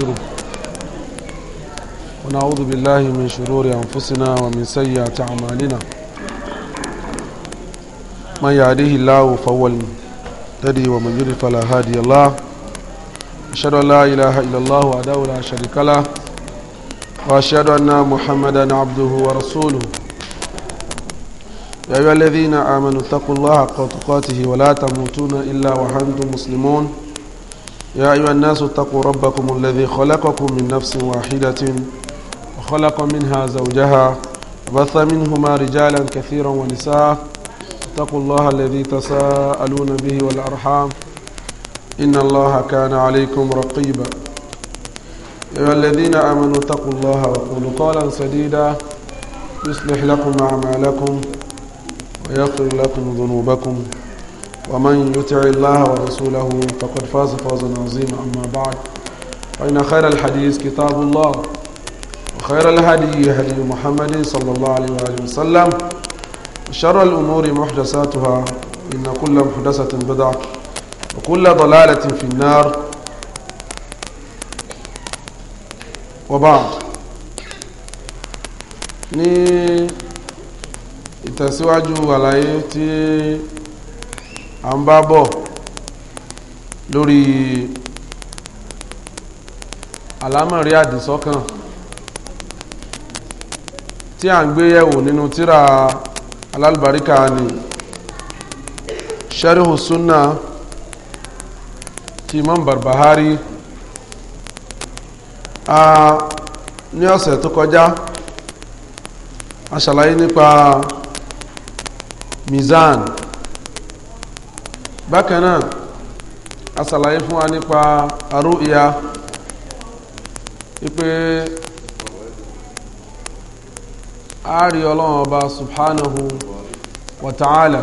ونستغفره ونعوذ بالله من شرور أنفسنا ومن سيئات أعمالنا من يهديه الله فهو المهتدي ومن يضلل فلا هادي له أشهد أن لا إله إلا الله وحده لا شريك له وأشهد أن محمدا عبده ورسوله يا أيها الذين آمنوا اتقوا الله حق تقاته ولا تموتون إلا وأنتم مسلمون يا أيها الناس اتقوا ربكم الذي خلقكم من نفس واحدة وخلق منها زوجها وبث منهما رجالا كثيرا ونساء اتقوا الله الذي تساءلون به والأرحام إن الله كان عليكم رقيبا يا الذين آمنوا اتقوا الله وقولوا قولا سديدا يصلح لكم أعمالكم ويغفر لكم ذنوبكم ومن يطع الله ورسوله فقد فاز فوزا عظيما أما بعد فإن خير الحديث كتاب الله وخير الهدي هدي محمد صلى الله عليه وآله وسلم وشر الأمور محدثاتها إن كل محدثة بدعة وكل ضلالة في النار وبعد ní ìtẹ̀síwájú àlàyé tí à ń bá bọ̀ lórí àlámọ̀rí àdìsọ́kàn tí a ń gbé yẹ̀wò nínú tíra alálùbáríkà ni sharhu sunna ti imam barbahari a ní ọ̀sẹ̀ tó kọjá a ṣàlàyé nípa mizan bákan asàlàyé fún wa nípa arúgbìyà wípé a rí ọlọ́run ọba subhanahu wa ta'ala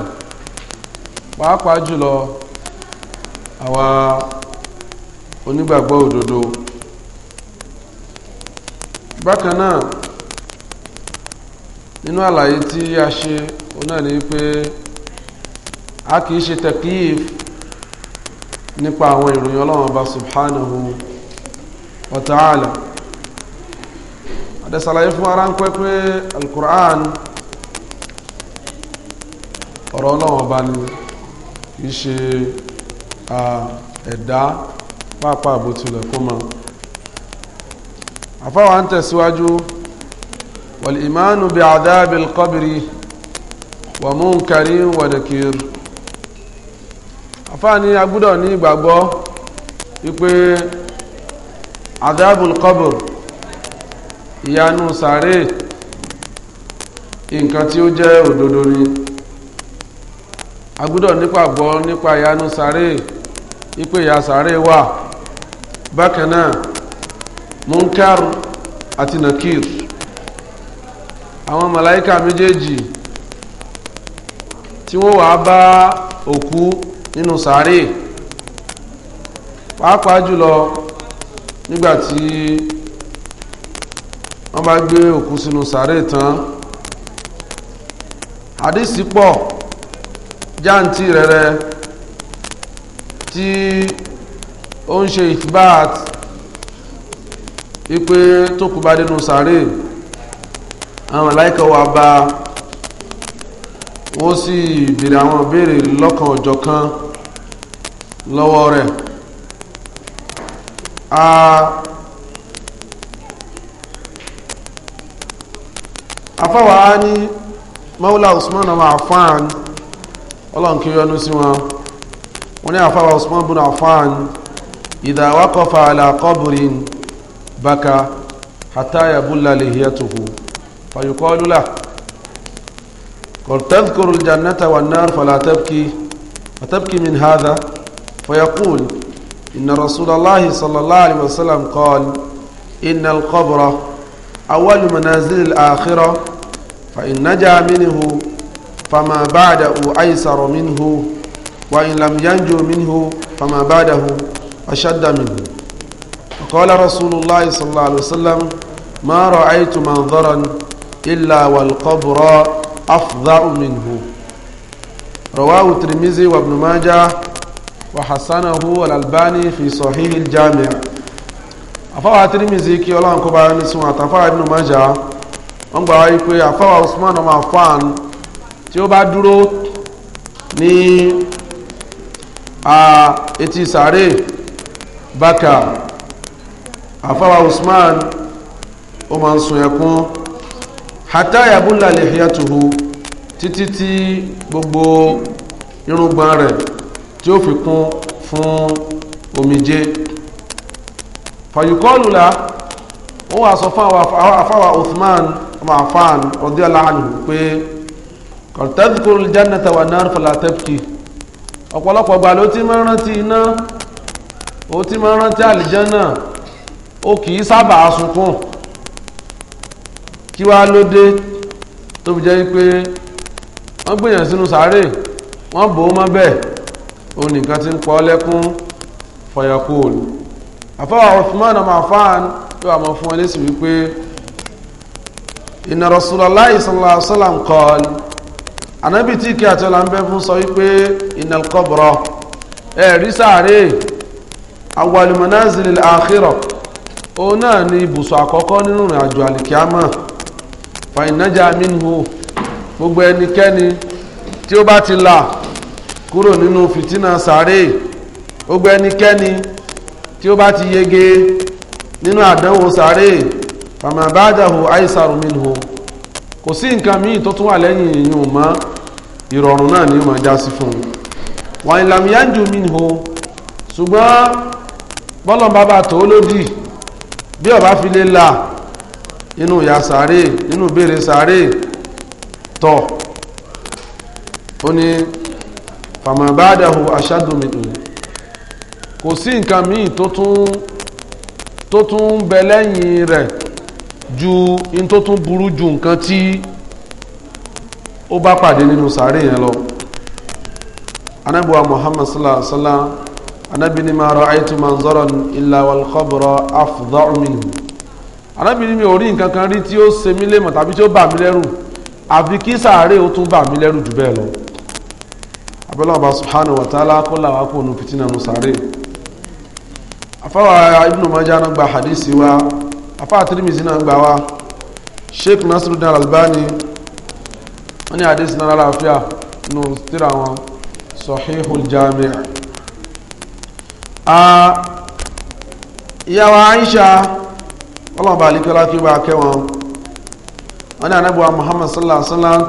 pàápàá jùlọ àwa onígbàgbọ́ òdodo bákan nínú àlàyé tí a ṣe òun náà ni wípé. a kì í ṣe taklif nípa àwọn ìròyìn ọlọ́run ọba subhanahu wa ta'ala adẹ́sàlàyé fún ara ń pẹ́ pé al-Qur'an ọ̀rọ̀ ọlọ́run ọba ni kì í ṣe ẹ̀dá pàápàá bó kó mọ́ àfáwà ń tẹ̀síwájú wal imanu bi adhabil qabri wa àfáàní agbúdọ̀ ní ìgbàgbọ́ wípé adabul qabr ìyanu sàárè nǹkan tí ó jẹ́ òdodo ni agbúdọ̀ nípàgbọ́ nípa ìyanu sàárè wípé ìyà sàárè wà bákan munkar àti nakir àwọn màláíkà méjèèjì tí wọ́n wàá bá òkú nínú sàárè pàápàá jùlọ nígbàtí wọ́n bá gbé òkú sínú sàárè tán àdìsí pọ̀ jáǹtì rẹ̀rẹ̀ tí ó ń ṣe ìfibáàt wípé tó kú bá dénú sàárè àwọn aláìkọ̀ wà bá wọ́n sì béèrè àwọn ìbéèrè lọ́kan ọ̀jọ̀kan lọ́wọ́ rẹ̀ a afáwàá ní maula usman ọmọ afán ọlọ́nkí yọnu sí wọn wọ́n ní afáwàá usman bú afán idha waqafa ala qabrin baka hatta yabulla lihiyatuhu fayuqalu lahu qad tadhkuru aljannata wan nar fala tabki min hadha فيقول إن رسول الله صلى الله عليه وسلم قال إن القبر أول منازل الآخرة فإن نجا منه فما بعده أيسر منه وإن لم ينجو منه فما بعده أشد منه وقال رسول الله صلى الله عليه وسلم ما رأيت منظرا إلا والقبر أفظع منه رواه الترمذي وابن ماجه وحسنه الألباني في صحيح الجامع أفوى ترمزي كي الله أنكو بأني سمع تفوى ابن ماجه wọ́n gbà wáyé pé àfáwà Usman ọmọ afaan tí ó bá dúró ní etí sàárè bákà àfáwà Usman ó máa ń sun ẹkún hata yabulla lihiyatuhu títí tí gbogbo irùngbọ̀n rẹ̀ tí ó fi kún fún omijé fàyíkọ́lùlá ó wà sọ fún àwọn afáwà Uthman ọmọ afáàn radiyallahu anhu pé kọ̀tẹ́dùkúrú jannata wà náà falatẹ́pì ọ̀pọ̀lọpọ̀ gbà ló ti máa rántí iná ó ti máa rántí àlìjánà ó kì í sábà sunkún kí wá ló dé tó fi jẹ́ pé wọ́n gbìyànjú sínú sàárè wọ́n bò ó mọ́ bẹ́ẹ̀ òun nìkan ti ń pọ́ lẹ́kún fọyàkùn àfọwọ́ Uthman ọmọ afáàn yóò àmọ́ fún ẹlẹ́sì wípé inna Rasulullahi sallallahu alaihi wasallam qala anábì tí kí àti ọ̀là ń bẹ́ fún sọ wípé innal qabra ẹ̀ rí sáré awwal manazilil akhirah òun náà ni ibùsùn àkọ́kọ́ nínú ìrìn àjò àlìkíámà fa innaja minhu gbogbo ẹnikẹ́ni tí ó bá ti là kúrò nínú fìtínà sáré ó gbé ẹnikẹ́ni tí ó bá ti yege nínú àdánwò sàárè fàmàbájàhù àìsàrù minhu kò sí nǹkan míì tó tún wà lẹ́yìn ìyún mọ́ ìrọ̀rùn náà ní ó máa sí fún un ìlàmìyànjú minhu ṣùgbọ́n bọ́lọ̀n bàbá tó lódì bí ọba fi lè inú inú ìbéèrè tọ̀ ó ní fàmà bá dàhù aṣáàdùmìdù kò sí nǹkan míì tó tún tó tún bẹ lẹ́yìn rẹ̀ ju in tó tún burú ju nǹkan tí ó bá pàdé nínú sàárè yẹn lọ anabiwa muhammad sallallahu alaihi wa sallam anabi ni ma ra'aytu manzaran illa wal khabra afda'u minhu anabi ni mi ò rí nǹkan kan rí tí o ṣe mí lé mọ̀ o tí ó bà mí lẹ́rù àfi kí sàárè ó tún bà mí lẹ́rù jù abẹ́lọ́ba subhanahu wa ta'ala kó làwọn kò nu fitina nu sáré afáwa ibnu majah náà gba hadisi wa afáwa tirimizi náà gba wa sheikh nasiruddin albani wọ́n ní hadisi náà lálàáfíà nù tírà wọn sahihul jami' a ìyàwó aisha ọlọ́ọ̀bà alikọ́lá kí ó kẹwọn wọ́n ní anábùwà muhammad sallallahu alaihi wasallam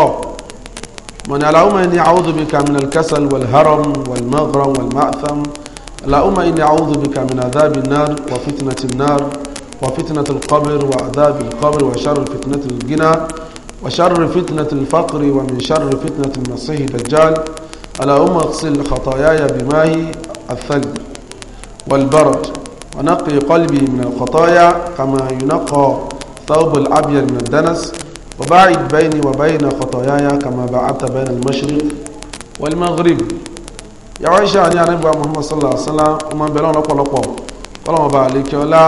ó من اللهم إني أعوذ بك من الكسل والهرم والمغرم والمأثم اللهم إني أعوذ بك من عذاب النار وفتنة النار وفتنة القبر وعذاب القبر وشر فتنة الجنى وشر فتنة الفقر ومن شر فتنة المسيح الدجال اللهم اغسل خطاياي بماء الثلج والبرد ونقي قلبي من الخطايا كما ينقى ثوب الأبيض من الدنس وباعد بيني وبين خطاياي كما بعدت بين المشرق والمغرب يا عائشة ni anabi muhammad sallallahu alaihi wasallam ó máa bẹ̀rẹ̀ ọ̀pọ̀lọpọ̀ kọ́lọ́mọ bá àlekí ọlá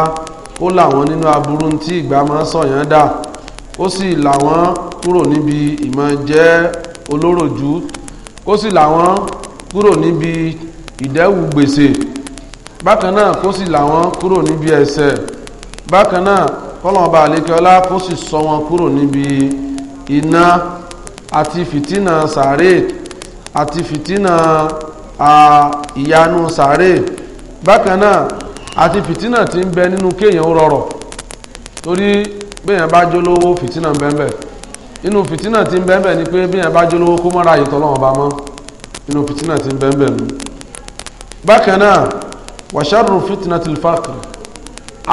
ó là wọ́n nínú aburú tí ìgbà máa ń sọ̀yàn dà ó sì là wọ́n kúrò níbi ìmọ̀ jẹ́ olóròjú ó sì là wọ́n kúrò níbi ìdẹ́wù gbèsè bákan náà kó sì là wọ́n kúrò níbi ẹ̀ṣẹ̀ bákan náà kọ́lọ́ọ̀bá àlékiọlá kó sì sọ wọn kúrò níbi iná àti fìtínà sàárè àti fìtínà ìyanu sàárè bákan náà àti fìtínà tí ń bẹ nínú kéèyàn rọrọ̀ torí béèyàn bá jólówó fìtínà bẹ́ẹ̀ inú fìtínà tí ń bẹ́ẹ̀ ni pé béèyàn bá jólówó kó mọ́ra ayé tọ́lọ́wọ́n mọ́ inú fìtínà tí ń bẹ́ẹ̀ nù bákan wàṣàrù fìtínà tìlfàkìrì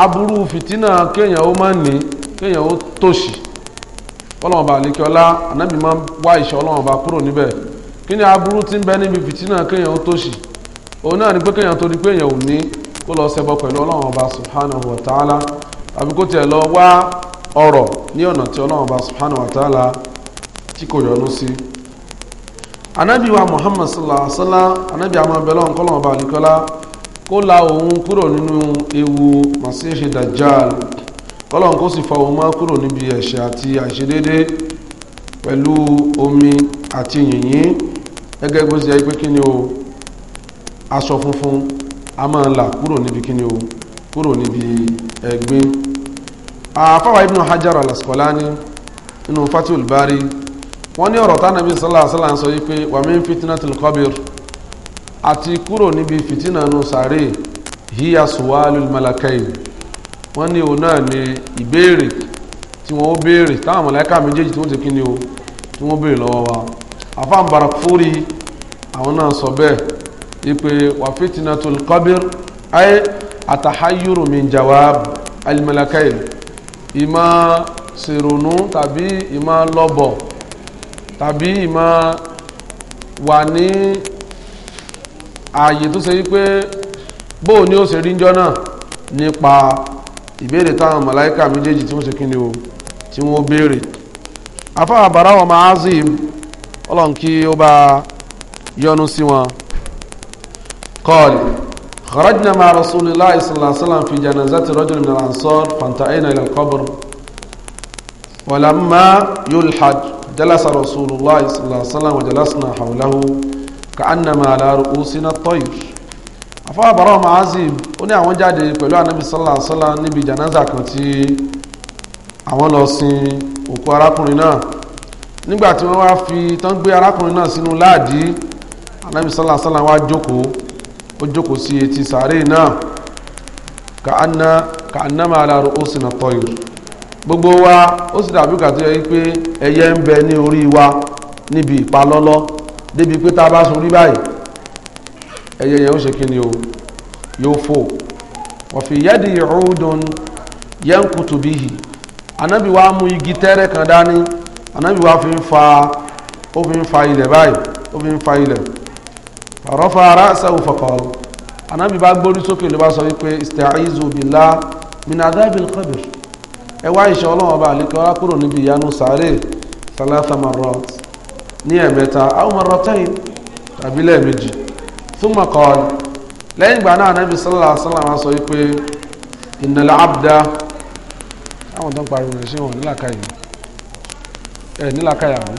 aburú fìtínà kéèyàn ó má ní kéèyàn ó tòṣì ọlọ́mọba àlékiọlá ànábì máa ń wá ìṣọ́ ọlọ́mọba kúrò níbẹ̀ kí ni aburú ti ń bẹ níbi fìtínà kéèyàn ó tòṣì òun náà ni pé kéèyàn torí pé èèyàn ò ní kó lọ ṣẹbọ pẹ̀lú ọlọ́mọba subhanahu wa ta'ala àbí kó tiẹ̀ lọ wá ọ̀rọ̀ ní ọ̀nà tí ọlọ́mọba subhanahu wa ta'ala tí kò yọnu sí ànábì wa muhammad sallallahu alaihi wa sallam ànábì àmọ́ kó la òun kúrò nínú ewu masihi dajjal kọ́lọ́n kó sì fa òun má kúrò níbi ẹ̀ṣẹ̀ àti àìṣedédé pẹ̀lú omi àti yìnyín gẹ́gẹ́ bó ṣe yẹ pé o aṣọ funfun a máa là kúrò níbi kí o kúrò níbi ẹ̀gbin àfáwà ibn hajar al-asqalani nínú fatul bari wọ́n ní ọ̀rọ̀ tánàbí sallallahu alaihi wasallam sọ yí pé wa min fitnatil àti kúrò níbi fìtínà nù sàárè hiya suwalul malakain wọ́n ní òun náà ní ìbéèrè tí wọ́n ó béèrè táwọn mọ̀lẹ́kà méjèèjì tí wọ́n ti kíni o tí wọ́n béèrè lọ́wọ́ wa afáàn barakfuri àwọn náà sọ bẹ́ẹ̀ ipe wà fitnatul qabr ay atahayuru min jawab alimalakain ìmọ̀ sèrònú tàbí ìmọ̀ lọ́bọ̀ tàbí ìmọ̀ wà ní ààyè tó ṣe wípé bóò ni ó ṣe rí njọ́ náà nípa ìbéèrè táwọn màláíkà méjèèjì tí wọ́n ṣe kí ni o tí wọ́n béèrè afá àbára wọn máa zì ọlọ́run kí ó bá yọ́nú sí wọn kọ́ọ̀lì kharajna ma rasulillahi sallallahu alaihi wasallam fi janazati rajul min al ka'annama ala ru'usina at-tayr afọwọ́ àbárọ̀ mahazim ó ní àwọn jáde pẹ̀lú anabi sallallahu alaihi wasallam níbi janaza kan tí àwọn lọ sin òkú arákùnrin náà nígbà tí wọ́n wá fi tán gbé arákùnrin náà sínú láàdí anabi sallallahu alaihi wá jókòó ó jókòó sí etí sàárè náà ka'anna ka'annama ala ru'usina at gbogbo wa ó sì dàbí kàtó yẹ pé ẹyẹ ń bẹ ní orí wa níbi ìpalọ́lọ́ débi pé tá a bá sorí báyìí ẹyẹ yẹn ó ṣe kí ni o yóò fò wa fi yadihi udun yankutu bihi anábì wa mú igi tẹ́rẹ̀ kan dání anábì wa fi ń fa ó fi ń fa ilẹ̀ báyìí ó fi ń fa ilẹ̀ farafa ra'sahu faqal anábì bá gbórí sókè ló bá sọ wípé ista'izu billah min adhabil ìṣọ́ ọlọ́wọ́ bá kúrò níbi ìyanu sáré salasa marrat ní ẹ̀mẹ́ta aw marratayn tàbí lẹ́ẹ̀mejì thumma qala lẹ́yìn ìgbà náà Ànábì sallallahu alaihi wasallam sọ wípé innal abda àwọn tó ń pariwo rẹ̀ ṣé wọn nílàkàyè ẹ̀ nílàkàyè àwọn.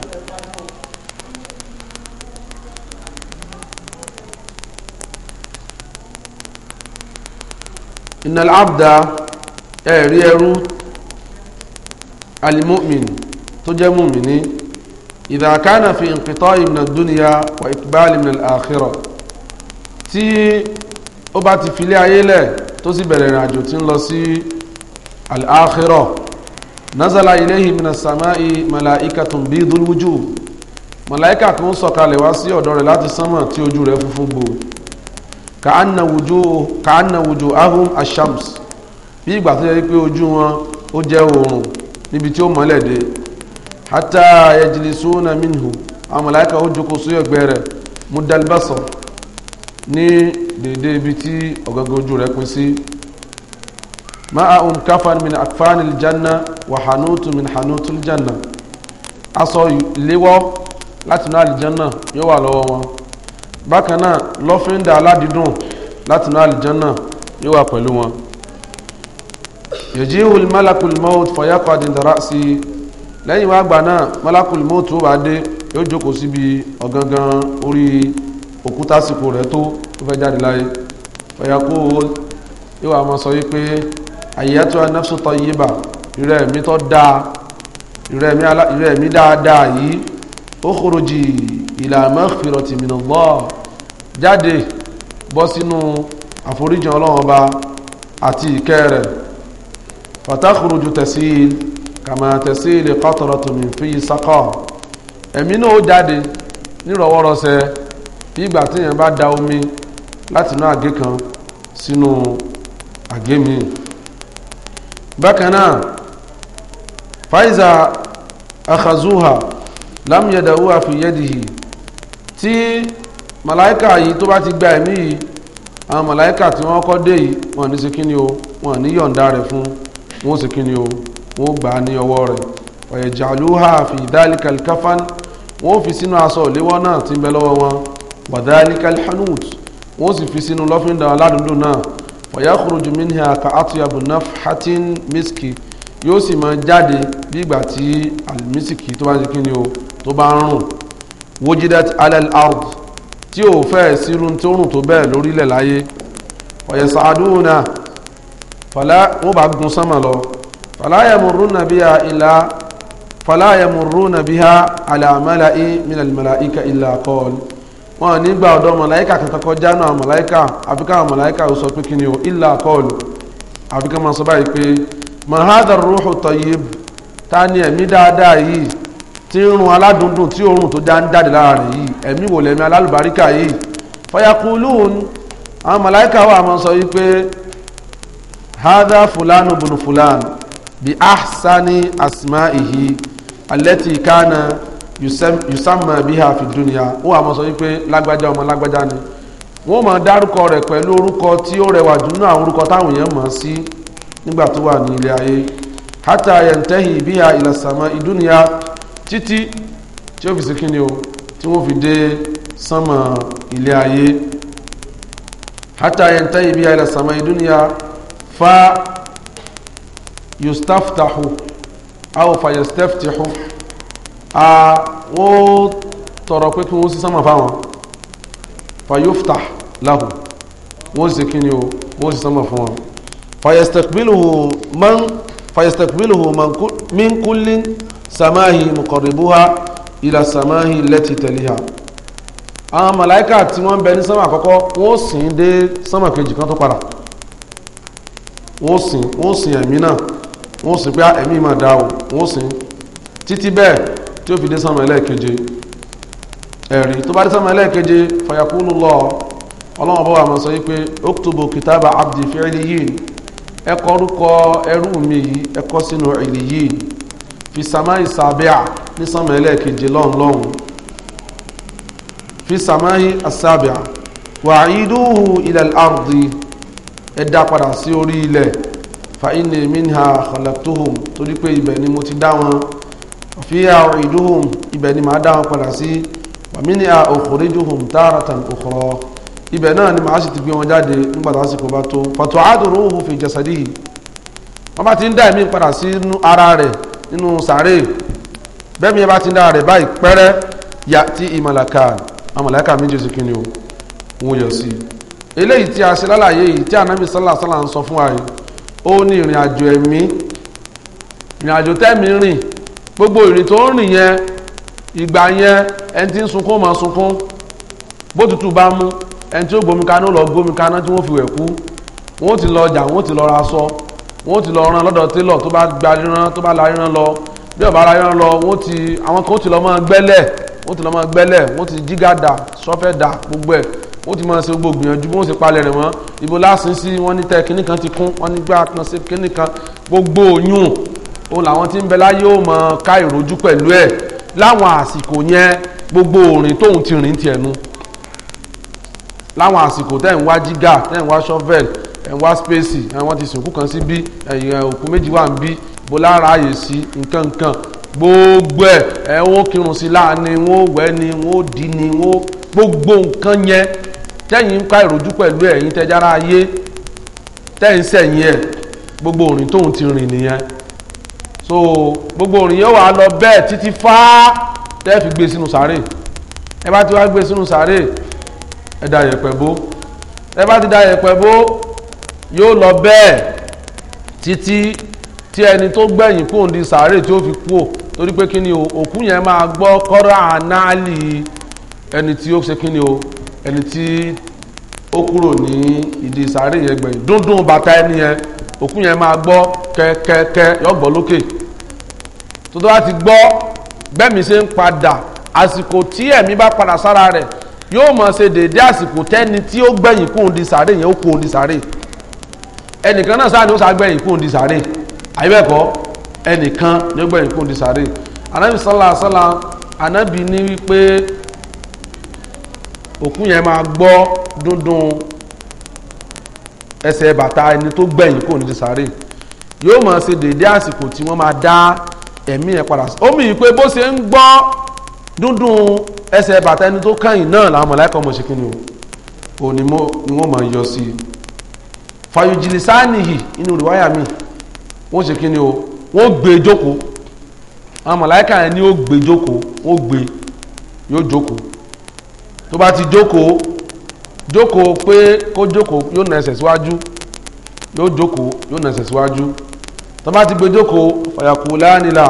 innal abda ẹ̀rí ẹrú alimu'min tó jẹ́ mùmíní. إذا كان في انقطاع من الدنيا وإقبال من الآخرة tí ó bá ti filé ayé lẹ̀ tó sì bẹ̀rẹ̀ ìrìn àjò tí ń lọ sí al-akhirah nazala ilayhi min as-sama'i malaikatun bidul wujuh màláìkà kan sọ̀kalẹ̀ wá sí ọ̀dọ̀ rẹ̀ láti sánmà tí ojú rẹ̀ funfun gbòò ka'anna wujuh ka'anna wujuhahum ash-shams bí ìgbà tó yẹ pé ojú wọn ó jẹ́ oòrùn níbi tí ó mọ́lẹ̀ dé hata yajilisuna minhu àwọn màláíkà ó jókòó sí ẹ̀gbẹ́ rẹ̀ mudalbasọ ní dèédé ibi tí ọ̀gángan ojú rẹ̀ pín sí ma'ahum kafan min akfanil janna wa hanutu min hanutul janna aṣọ ìléwọ́ láti náà àlìjánà yóò wà lọ́wọ́ wọn bákan náà lọ́fíńdà aládìídùn láti náà àlìjánà yóò wà pẹ̀lú wọn yajihul malakul maut fayaqad inda ra'si lẹ́yìn wá gbà náà malakul mọ́tò wà dé yóò jókòó síbi ọ̀gangan orí òkúta sìkò rẹ̀ tó tó fẹ́ jáde láyé ọ̀yà kó o yóò wá máa sọ yí pé àyẹ́tọ́ nafsu tayyiba ìrẹ́ mi tó dáa ìrẹ́ mi dáadáa yìí ukhruji ila maghfirati minallah jáde bọ́ sínú àforíjì ọlọ́run ọba àti ìkẹ́ rẹ̀ fatakhruju tẹ̀síìlì kàmá tẹ̀sílì qatratu min fi saqa ẹ̀mí náà ó jáde nírọ̀wọ́rọ̀sẹ̀ bí ìgbà téèyàn bá da omi láti inú àgé kan sínú àgé mi bákan náà faiza akhazuha lam yadahuha fi yadihi tí màláìkà yìí tó bá ti gba ẹ̀mí yìí àwọn màláìkà tí wọ́n kọ́ dé yìí wọ́n ní ṣe o wọ́n ní yọ̀ǹda rẹ̀ fún wọ́n ṣe o wọ́n gbà á ní ọwọ́ rẹ̀ ọ̀yẹ̀jàlúhà fi dáríkàl káfán wọ́n fi sínú aṣọ òléwọ́ náà tí ń bẹ lọ́wọ́ wọn wàdáríkàl hanut wọ́n sì fi sínú lọ́fíńdà aládùúgbò náà ọ̀yàkùrùjù minha ka atiyabu nafhatin miski yóò sì máa jáde bí tí alimisiki tó bá ń kíni o tó bá ń rùn wojidat alal ard tí ò fẹ́ sírun tó rùn tó bẹ́ẹ̀ lórílẹ̀ láyé ọ̀yẹ̀sàdúnà fàlà wọ́n bá gun sánmà lọ falayamuruna biha ila falayamuruna biha ala mala'i minal mala'ika illa qol wọn ní gba ọ̀dọ̀ màláíkà kankan kọjá náà màláíkà àfikà àwọn màláíkà ò sọ pé kí ni o illa qol àfikà máa sọ báyìí pé mahadar ruhu tayyib ta ni ẹ̀mí dáadáa yìí tí ń run aládùndùn tí òórùn tó jáde lára rẹ̀ yìí ẹ̀mí wò lẹ́mí alálùbáríkà yìí fayakulun àwọn màláíkà wà máa sọ yìí pé hadha fulanu bunu fulanu bi ahsani asma'ihi alẹ́tì kánà yusama biha fi dunya ó wà mọ́ sọ wípé lágbájá ọmọ lágbájá ni wọ́n máa dárúkọ rẹ̀ pẹ̀lú orúkọ tí ó rẹwà jù nínú àwọn orúkọ táwọn èèyàn mọ̀ sí nígbà tó wà ní ilé ayé hata yantahi biha ila sama idunya titi tí ó fi sikin ni o tí wọ́n fi dé sánmà ilé ayé hata yantahi biha ila sama idunya fa yustaftahu aw fayastaftihu a wọ́n tọrọ pé kí wọ́n sí sánmà fáwọn fayuftah lahu wọ́n sì kí ni o wọ́n sì sánmà fún wọn fayastakbiluhu man fayastakbiluhu man min kullin samahi muqarribuha ila samahi lati taliha àwọn màláíkà tí wọ́n bẹ ní sánmà àkọ́kọ́ wọ́n sìn dé sánmà kejì kan tó padà wọ́n sìn wọ́n sìn ẹ̀mí náà wọ́n sì pé ah, ẹ̀mí mà dá o wọ́n sì títí bẹ́ẹ̀ tí ó fi dé sánmà ẹlẹ́ẹ̀keje ẹ̀rí tó bá dé sánmà ẹlẹ́ẹ̀keje fàyàkúlù lọ ọlọ́run bá wà máa sọ wípé oktubu kitaba abdi fi illiyin ẹ kọ orúkọ ẹrú mi yìí ẹ kọ sínú illiyin fi sàmáì sàbíà ní sánmà ẹlẹ́ẹ̀keje lọ́hùn lọ́hùn fi sàmáì asábíà wàá idúhu ilal ardi ẹ padà sí orí ilẹ̀ fàínì minha khalaqtuhum torí pé ibẹ̀ ni mo ti dá wọn fiha u'iduhum ibẹ̀ ni màá dá wọn padà sí wa minha ukhrijuhum taratan ukhra ibẹ̀ náà ni màá sì ti gbé wọn jáde nígbà tásìkò bá tó fatu'adu ruhu fi jasadihi wọ́n bá ti ń dá ẹ̀mí padà sí ara rẹ̀ nínú sàárè bẹ́ẹ̀mi ẹ bá ti ń dá rẹ̀ báyìí pẹ́rẹ́ yà ti ìmàlàkà àmàlàkà méjì sí kíni o wọ́n yọ sí eléyìí ó ní ìrìn àjò ẹ̀mí ìrìn àjò tẹ́mi rìn gbogbo ìrìn tó ń rìn yẹn ìgbà yẹn ẹni tí ń sunkún máa sunkún bó tutù bá mú ẹni tí ó gbomi kaná lọ gbomi kaná tí wọ́n fi wẹ̀ kú wọ́n ti lọ ọjà wọ́n ti lọ ra aṣọ wọ́n ti lọ ran lọ́dọ̀ télọ̀ tó bá gba ríran tó bá la ríran lọ bí ọ̀bá ara ríran lọ wọ́n ti àwọn kan ó ti lọ máa gbẹ́lẹ̀ wọ́n ti lọ máa gbẹ́lẹ̀ wọ́n ti jígàdà sọ́fẹ́dà gbogbo ẹ̀ ó ti máa ṣe gbogbo gbìyànjú bó ń ṣe palẹ̀ rẹ̀ wọ́n ibo lásán sí wọ́n ní tẹ́ kínní kan ti kún wọ́n ní gbá kan ṣe kínní kan gbogbo oyún o làwọn tí ń bẹ láyé ó máa ká ìrojú pẹ̀lú ẹ̀ láwọn àsìkò yẹn gbogbo òrìn tóun ti rìn tiẹ̀ nu láwọn àsìkò tẹ́ ń wá jígà tẹ́ ń wá shovel ẹ̀ ń wá spacey ẹ̀ wọ́n ti sìnkú kan sí bí ẹ̀yìn òkú méjì wà ń bí bó lára ààyè sí nǹkan nǹkan gbogbo ẹ̀ ẹ̀ wọ́n kírun sí láàánú wọ́n wẹ́ ni wọ́n dì ni wọ́n gbogbo nǹkan yẹn tẹ́yìn ń ká ìròjú pẹ̀lú ẹ̀yìn tẹjára ayé tẹ́yìn sẹ̀yìn ẹ̀ gbogbo orin tóun ti rìn nìyẹn so gbogbo orin yóò wá lọ bẹ́ẹ̀ títí fá tẹ́ gbé sínú ẹ bá ti wá gbé sínú sàárè ẹ ti da yẹ̀pẹ̀ lọ bẹ́ẹ̀ títí tí ẹni tó gbẹ̀yìn tí ó fi kú ò torí pé kí ni òkú yẹn máa gbọ́ kọ́ra ẹni tí ó kúrò ní ìdí sàárè yẹn gbẹ̀yìn dúndún bàtà ẹni yẹn òkú yẹn máa gbọ́ kẹ́kẹ́kẹ́ yọ̀gbọ́ lókè tó tó bá ti gbọ́ bẹ́mi ṣe ń padà àsìkò tí ẹ̀mí bá padà sára rẹ̀ yóò mọ̀ ṣe déédé àsìkò tẹ́ni tí ó gbẹ̀yìn kúrò ní sàárè yẹn ó kúrò ní sàárè ẹnìkan náà sáà ni ó ṣàgbẹ̀yìn kúrò ní sàárè àyíbẹ̀kọ́ ẹnìkan ni ó gbẹ̀yìn kúrò ní sàárè ànábì sálà sálà ànábì ní wípé òkú yẹn máa gbọ́ dúndún ẹsẹ̀ bàtà ẹni tó gbẹ̀yìn kò ní di sáré yóò máa ṣe déédéé àsìkò tí wọ́n máa dá ẹ̀mí yẹn padà sí omi yìí pé bó ṣe ń gbọ́ dúndún ẹsẹ̀ bàtà ẹni tó kẹ́yìn náà làwọn mọ̀láìkọ́ mọ̀ ṣe kí ni o ni wọ́n máa yọ sí i fàyòjìlísánìhì inú rìwáyà mi wọ́n ṣe kí ni o wọ́n gbé e jókòó àwọn mọ̀láìkà yẹn ni gbé jókòó ó gbé e e, yóò jókòó tó bá ti jókòó jókòó pé kó jókòó yóò na ẹsẹ̀ síwájú yóò jókòó yóò na ẹsẹ̀ síwájú tó bá ti gbé jókòó fàyàkù láàánilà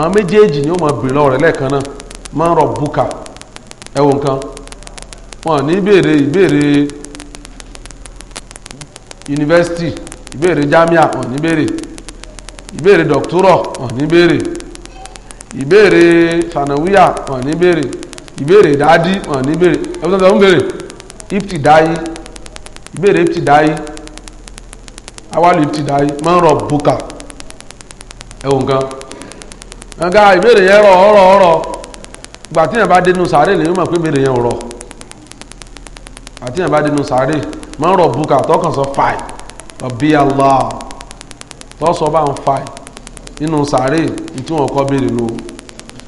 àwọn méjèèjì ni ó mọ bìnrin ọ̀rẹ́ lẹ́ẹ̀kan náà máa ń rọ bùkà ẹ̀wọ̀n nǹkan wọn ní ìbéèrè ìbéèrè yunifásitì ìbéèrè jamia wọn ní ìbéèrè ìbéèrè dọ̀kítọ́rọ̀ wọn ní ìbéèrè ìbéèrè sanawiya wọn ní ìbéèrè ìbéèrè dáadí wọn ní béèrè ẹgbẹ́ tó ń béèrè ìptìdáyí ìbéèrè ìptìdáyí awálù ìptìdáyí máa ń rọ bùkà ẹ̀wọ̀n kan nga ìbéèrè yẹn rọ ọ̀rọ̀ ọ̀rọ̀ gbà tí yẹn bá dénú sàárè lè mọ̀ pé ìbéèrè yẹn rọ àti yẹn bá dénú sàárè máa ń rọ bùkà tọkàn sọ fàì ọbí Allah tọ́sọ bá ń fàì nínú sàárè tí wọn kọ́ béèrè lò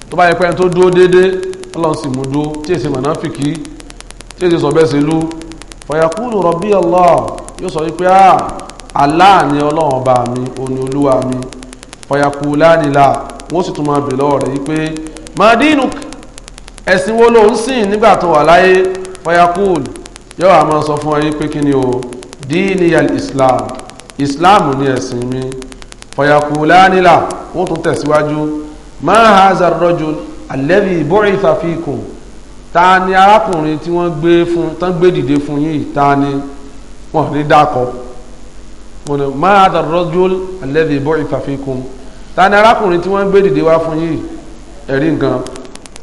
tó bá yẹ pé ẹni tó dúró déédéé tọ́lọ́n sì mú dúró tí èsì mọ̀náfìkì tí èsì sọ̀bẹ́ sí lú fọ̀yàkúrò rọ̀bí Allah yóò sọ wípé ah Allah ni ọlọ́run ọba mi òní olúwa mi fọ̀yàkú lánìlá wọ́n sì tún máa bèèrè lọ́wọ́ rẹ̀ wípé madinu ẹ̀sìn wo ló ń sìn nígbà tó wà láyé fọ̀yàkú yóò àmọ́ sọ fún ẹyí pé kí ni o díniyàl islam islam ni ẹ̀sìn mi fọ̀yàkú lánìlá wọ́n tún tẹ̀síwájú máa hazard rọ́jùl alladhi bu'itha fikum ta ni arákùnrin tí wọ́n gbé fún tán gbé dìde fún yìí ta ni wọ́n ní dákọ̀ wọ́n ní ma hadha ar-rajul alladhi bu'itha fikum ta ni arákùnrin tí wọ́n gbé dìde wá fún yìí ẹ̀rí nǹkan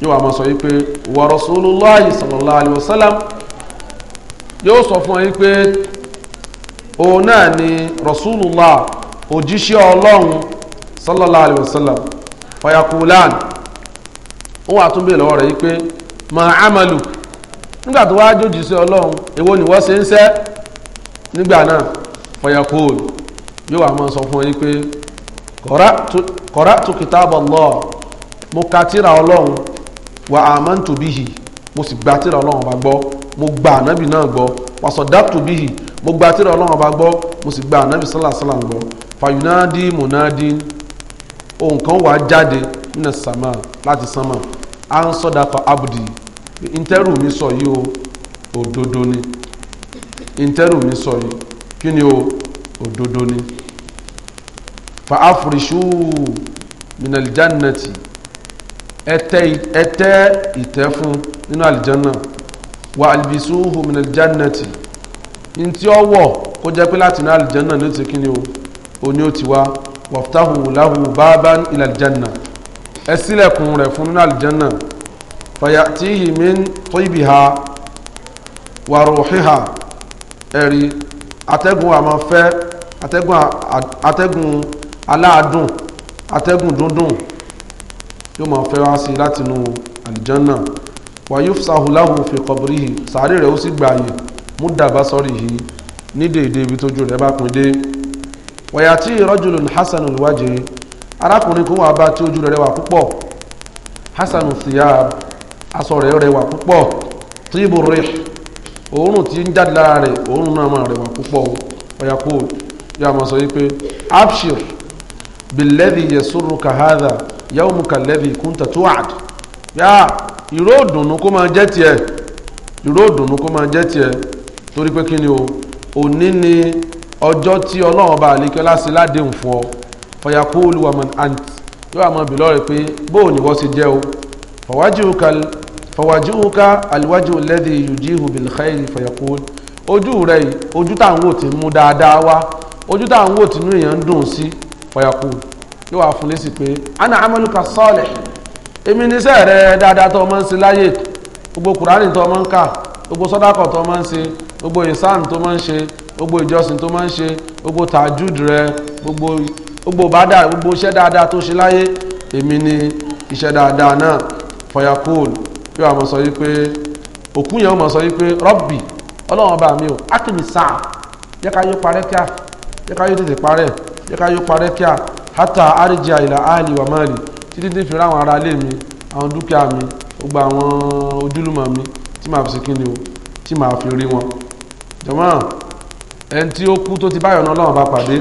yóò wá máa sọ wípé wa rasulullahi sallallahu alayhi yóò sọ fún ọ wípé òun náà ni rasulullah òjíṣẹ́ ọlọ́run sallallahu alayhi wa ó wà tún bèèrè lọ́wọ́ rẹ̀ yìí pé mà ámàlù nígbà tó wáá jòjì sí ọlọ́run èwo ni wọ́n ṣe ń ṣẹ́ nígbà náà fọyàkóòlù yóò wà máa sọ fún kọ́rá tó gba tíra ọlọ́run ọba gbọ́ mo gba ànábì náà gbọ́ wàsọ̀dátò bíhì mo gba tíra ọlọ́run ọba gbọ́ mo sì gba ànábì sálàsálà gbọ́ fàyúnádì mọ̀nádì ohun kan wà jáde nínú sàmà láti ansọdafa abudi ntẹrù mi sọ yìí o òdodo ni ntẹrù mi sọ yìí kí ni o òdodo ni fa afurishu minalijannati ẹtẹ ìtẹ́ fún nínú alijanna wa albisuhu minalijannati ntí ọwọ kó jẹ́ pé láti ní alijanna ní o ti kí ni o o o ti wá wàftahu lahu bábá ilalijanna ẹ ṣílẹ̀kùn rẹ̀ fún nínú àlìjánà fayatihi min tibiha wa ruhiha ẹ̀rí atẹ́gùn àmọ́fẹ́ atẹ́gùn atẹ́gùn aláàdùn atẹ́gùn dúndùn yóò máa fẹ́ wá sí látinú àlìjánà wa yufsahu lahu fi qabrihi sàárè rẹ̀ ó sì gbààyè mudda basarihi ní dèédé ibi tójú rẹ̀ bá pin dé wa yati rajulun hasanul wajhi arákùnrin kún wà bá tí ojú rẹ̀ rẹwà púpọ̀ hasanu thiyab aṣọ rẹ̀ rẹwà púpọ̀ tíbù rẹ̀ òórùn tí ń jáde lára rẹ̀ òórùn náà máa rẹwà púpọ̀ ọ̀yà kó yà sọ abshir billadhi yasurruka kahada kunta tuwad ya ìró òdùnnú kó máa jẹ́ tiẹ̀ ìró òdùnnú kó máa jẹ́ tiẹ̀ torí pé ni o òní ni ọjọ́ tí ọlọ́run bá àlékẹ́ láti ládéhùn fayakulu wa man ant yóò àmọ́ bí lọ́rẹ̀ pé bóò ni wọ́n ti jẹ́ o fọwájúhuka alwájú lẹ́dí yujihu bilkhairi fayakulu ojú rẹ̀ ojú táwọn wò ti mú dáadáa wá ojú táwọn wò ti nú èèyàn ń dùn sí fayakulu yóò wá fún lésì pé ana amaluka salih èmi níṣẹ́ rẹ̀ dáadáa tó máa ń ṣe láyè gbogbo kùránì tó máa ń kà gbogbo sọ́dákọ̀ tó máa ń ṣe gbogbo ìsáàn tó máa ń ṣe gbogbo ìjọsìn tó máa ń ṣe gbogbo tàjúd rẹ gbogbo gbogbo bá dà gbogbo iṣẹ́ dáadáa tó ṣe láyé èmi ni iṣẹ́ dáadáa náà fọyakóòlù yóò àmọ́ sọ yí pé òkú yẹn ó mọ̀ sọ yí pé rọ́bì ọlọ́run ọba mi ò ákìmì sáà yẹ ká yó parẹ́ kíá yẹ ká yó tètè parẹ́ yẹ ká yó parẹ́ kíá hátà àríjì àìlà áàlì wà máàlì títí tí fi ra àwọn ará ilé mi àwọn dúkìá mi gbogbo àwọn ojúlùmọ̀ mi tí màá fi kíni o tí màá fi rí wọn jọmọ ẹni tí ó kú tó ti báyọ̀ náà ọlọ́run ọba pàdé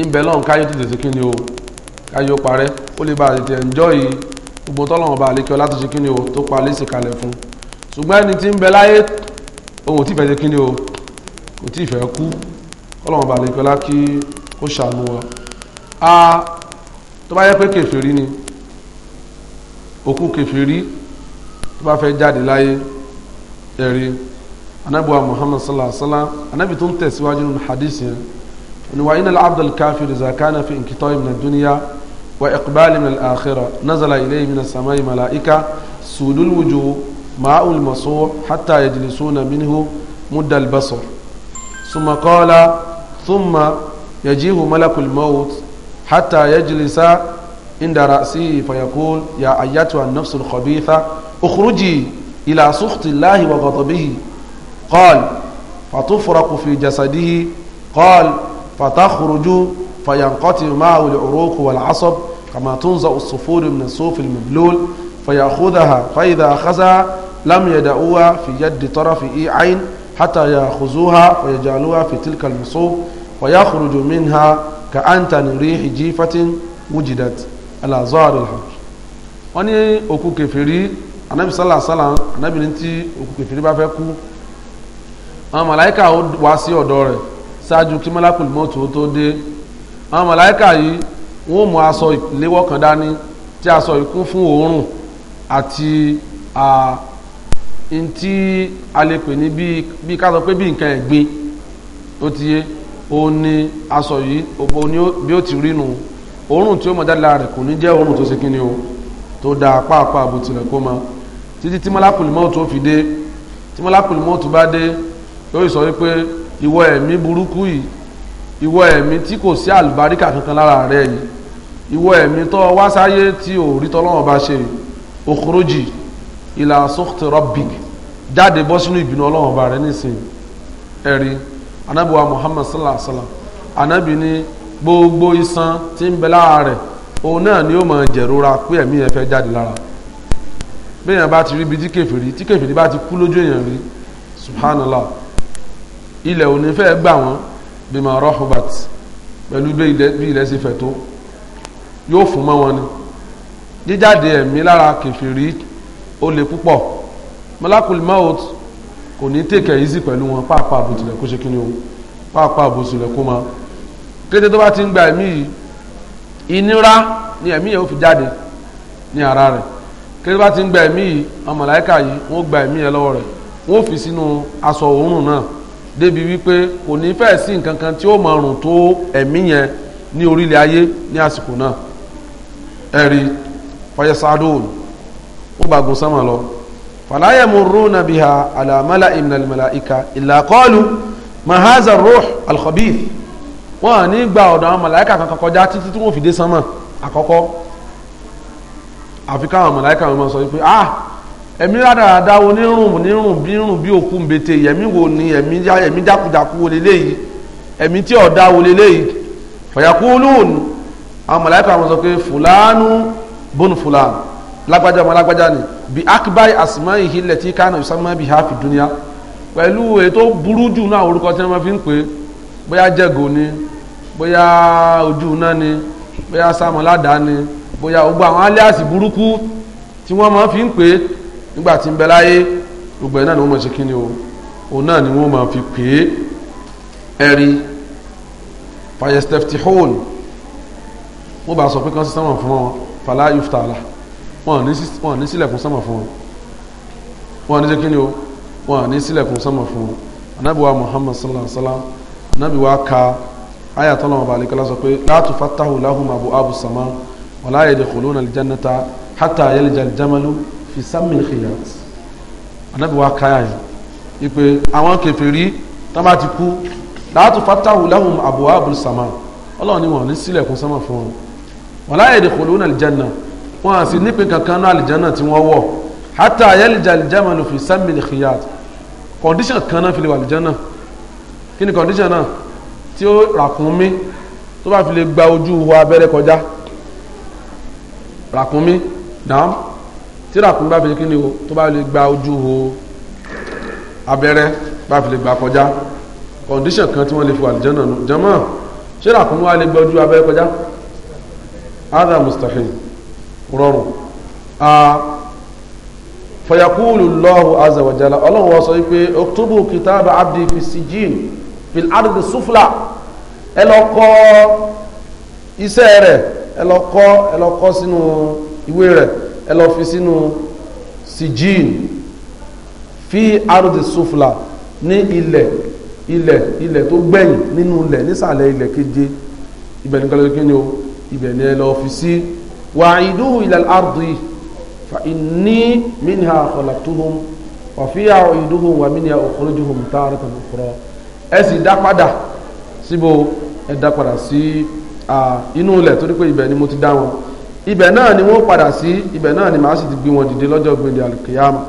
ìbẹ̀ lọ́n káyé tètè sí kíni o káyé ó parẹ́ ó lè bá àtẹ̀tẹ̀ enjoy gbogbo tọ́lọ́wọ́n bá àlékẹ́ láti ṣe kíni o tó pa lẹ́sì kalẹ̀ fún ṣùgbọ́n ẹni tí ń bẹ láyé òun ò tí fẹ́ ṣe kíni o kò tí fẹ́ kú tọ́lọ́wọ́n bá àlékẹ́ lá kí ṣàánú wa a tó bá yẹ pé kèfèrí ni òkú kèfèrí tó bá fẹ́ jáde láyé ẹ̀rí anábìwá Muhammad sallallahu alayhi wa sallam anábì tó ń tẹ̀síwájú nínú hadith yẹn وإن العبد الكافر إذا كان في انقطاع من الدنيا وإقبال من الآخرة نزل إليه من السماء ملائكة سود الوجوه ماء المصور حتى يجلسون منه مد البصر ثم قال ثم يجيه ملك الموت حتى يجلس عند رأسه فيقول يا أيتها النفس الخبيثة اخرجي إلى سخط الله وغضبه قال فتفرق في جسده قال فتخرج فينقطع معه العروق والعصب كما تنزع الصفور من الصوف المبلول فيأخذها فإذا أخذها لم يدعوها في يد طرفه عين حتى يأخذوها فيجعلوها في تلك المصوب ويخرج منها كأنتن ريح جيفة وجدت على ظهر الحجر wọ́n ní òkú kẹfìrí anabi sallah sallah anabi ní tí òkú kẹfìrí bá fẹ́ kú àwọn màláìka wá sí ọ̀dọ̀ rẹ̀ ṣáájú kí mọ́lákùn mọ́tò tó dé àwọn màláìkà yìí wọ́n mú aṣọ ìléwọ́ kan dání tí aṣọ ìkún fún òórùn àti ntí a lè pè ní bí ká sọ pé bí nǹkan ẹ̀gbin ó ti yé ó ní aṣọ yìí òbò ní bí ó ti rí nu òórùn tí ó mọ̀dá lára rẹ̀ kò ní jẹ́ òórùn tó ṣe kí o tó da pàápàá àbò tirẹ̀ kó ma títí tí mọ́lákùlì mọ́ọ̀tù fi dé tí mọ́lákùlì mọ́ọ̀tù bá dé yóò sọ wípé ìwọ ẹ̀mí burúkú yìí ìwọ ẹ̀mí tí kò sí àlùbáríkà kankan lára rẹ yìí ìwọ ẹ̀mí tó wá sáyé tí ò rí tọ́lọ́wọ́n bá ṣe òkúròjì ìlà sọ́kùtì jáde bọ́ sínú ìbínú ọlọ́wọ́n bá rẹ nísìnyí ẹ̀rí anábìwá Muhammad sallallahu alayhi wa sallam anábì ní gbogbo iṣan tí ń bẹ lára rẹ̀ òun náà ni ó mọ̀ jẹ̀rora pé ẹ̀mí yẹn fẹ́ jáde lára bẹ́ẹ̀ yẹn bá ti rí ibi tí kèfèrí tí kèfèrí bá ti kú lójú èèyàn rí subhanallah ilẹ̀ òní fẹ́ gbà wọ́n bímọ rọ́hùbàt pẹ̀lú bí ilẹ̀ ṣe fẹ̀ tó yóò fún mọ́ wọn ni jíjáde ẹ̀mí lára kẹfìrí ó le púpọ̀ malakul maut kò ní tèkẹ̀ easy pẹ̀lú wọn pàápàá àbòtìlẹ̀ kó ṣe kíni o pàápàá àbòtìlẹ̀ kó máa kété tó bá ti ń gba ẹ̀mí yìí ìnira ni ẹ̀mí yẹn ó fi jáde ní ara rẹ̀ kété bá ti ń gba ẹ̀mí yìí ọmọláyíká yìí wọ́n gba ẹ̀mí yẹn lọ́wọ́ rẹ̀ wọ́n fi sínú aṣọ òórùn náà débi wípé kò ní fẹ́ sí nǹkan kan tí ó máa rùn tó ẹ̀mí yẹn ní orílẹ̀ ayé ní àsìkò náà ẹ̀rí fayasadun ó bàgùn sánmà lọ fàlàyẹ̀mú rúnà biha àlàmálà ìmìnàlìmàlà ìka ìlàkọ́ọ̀lù mahaza ruh alkhabith wọn à ní gba ọ̀dọ̀ àwọn màláìka kankan kọjá títí tí wọ́n fi dé sánmà àkọ́kọ́ àfi káwọn màláìka wọn sọ wípé ah ẹ̀mí rádaràda onírùn nírùn bírùn bí òkú mbete ẹ̀mí wo ni ẹ̀mí ẹ̀mí jákujáku wo leléyìí ẹ̀mí tí ọ̀dá wo leléyìí fọ̀yàkúlùn àwọn mọ̀láìkà àwọn sọ pé fùlánù bónú fùlánù lágbájá ọmọ lágbájá ni bí akíbáyé àsìmọ́ ìhílẹ̀ tí kánà ìsámọ́ bí hápì dúníà pẹ̀lú ètò burú jù náà orúkọ tí wọ́n fi ń pè é bóyá jẹ́gò ni bóyá ojú náà ni bóyá sámọ́ládàá ni bóyá gbogbo àwọn alias burúkú tí wọ́n máa fi ń pè é nígbà tí ń bẹ láyé gbogbo ẹ̀ náà ni wọ́n mọ̀ ṣe kí ni o òun náà ni wọ́n máa fi pè é ẹ̀rí fayastaftihun wọ́n bá sọ pé kán sí sánmà fún wọn fàlà yuftala wọn ò ní sílẹ̀kùn sánmà fún wọn wọn ò ní ṣe kí ni o wọn ò ní sílẹ̀kùn sánmà fún wọn anabi muhammad sallallahu alaihi wa sallam anabi ka ayatollah ọba alikala sọ pé la tufattahu lahum abu abu sama wala yadkhuluna aljannata hatta yalija aljamalu fi sámi khiyat anabi wa káyà yìí ipe àwọn kèfèrí tó bá ti kú láàtú fatahu lahum abwaabul sama ọlọ́run ni wọn ní sílẹ̀kùn sánmà fún wọn wọn láyé yadkhuluna aljanna wọn à sì nípìn kankan náà aljanna tí wọ́n wọ̀ hatta yalija aljamalu fi sámi khiyat kọ̀ndíṣàn kan náà fi lè wà aljanna kí ni kọ̀ndíṣàn náà tí ó tó bá fi lè gba ojú wa abẹ́rẹ́ kọjá ràkúnmí dáhùn tíra kún bá fi kí ni o tó bá lè gba ojú o abẹ́rẹ́ bá fi lè gbà kọjá condition kan tí wọ́n lè fi wà lè jẹ́nà nù jẹ́mọ́ tíra kún wá lè gba ojú abẹ́rẹ́ kọjá adam mustahil rọrùn fayakulu lọ́hu azawajala ọlọ́run wọ́n sọ wípé oktubu kitaaba abdi fi sijin fil ardi sufla ẹ lọ kọ iṣẹ́ rẹ̀ ẹ lọ kọ ẹ lọ kọ sínú ìwé rẹ̀ ẹ lọ fi sínú sijin fi ardi sufla ní ilẹ̀ ilẹ̀ ilẹ̀ tó gbẹ̀yìn nínú ilẹ̀ nísàlẹ̀ ilẹ̀ keje ibẹ̀ ní kọlọ́dún kíni o ibẹ̀ ní ẹ lọ fi sí wà ìdúhù ilal ardi fa inni minha khalaqtuhum wa fiha ìdúhù wà minha ukhrijuhum taratan ukhra ẹ sì dá padà síbo ẹ dá padà sí inú ilẹ̀ torí pé ibẹ̀ ni mo ti dá wọn ibẹ̀ náà ni wọ́n padà sí ibẹ̀ náà ni màá sì ti gbé wọn dìde lọ́jọ́ gbèdé alkiyama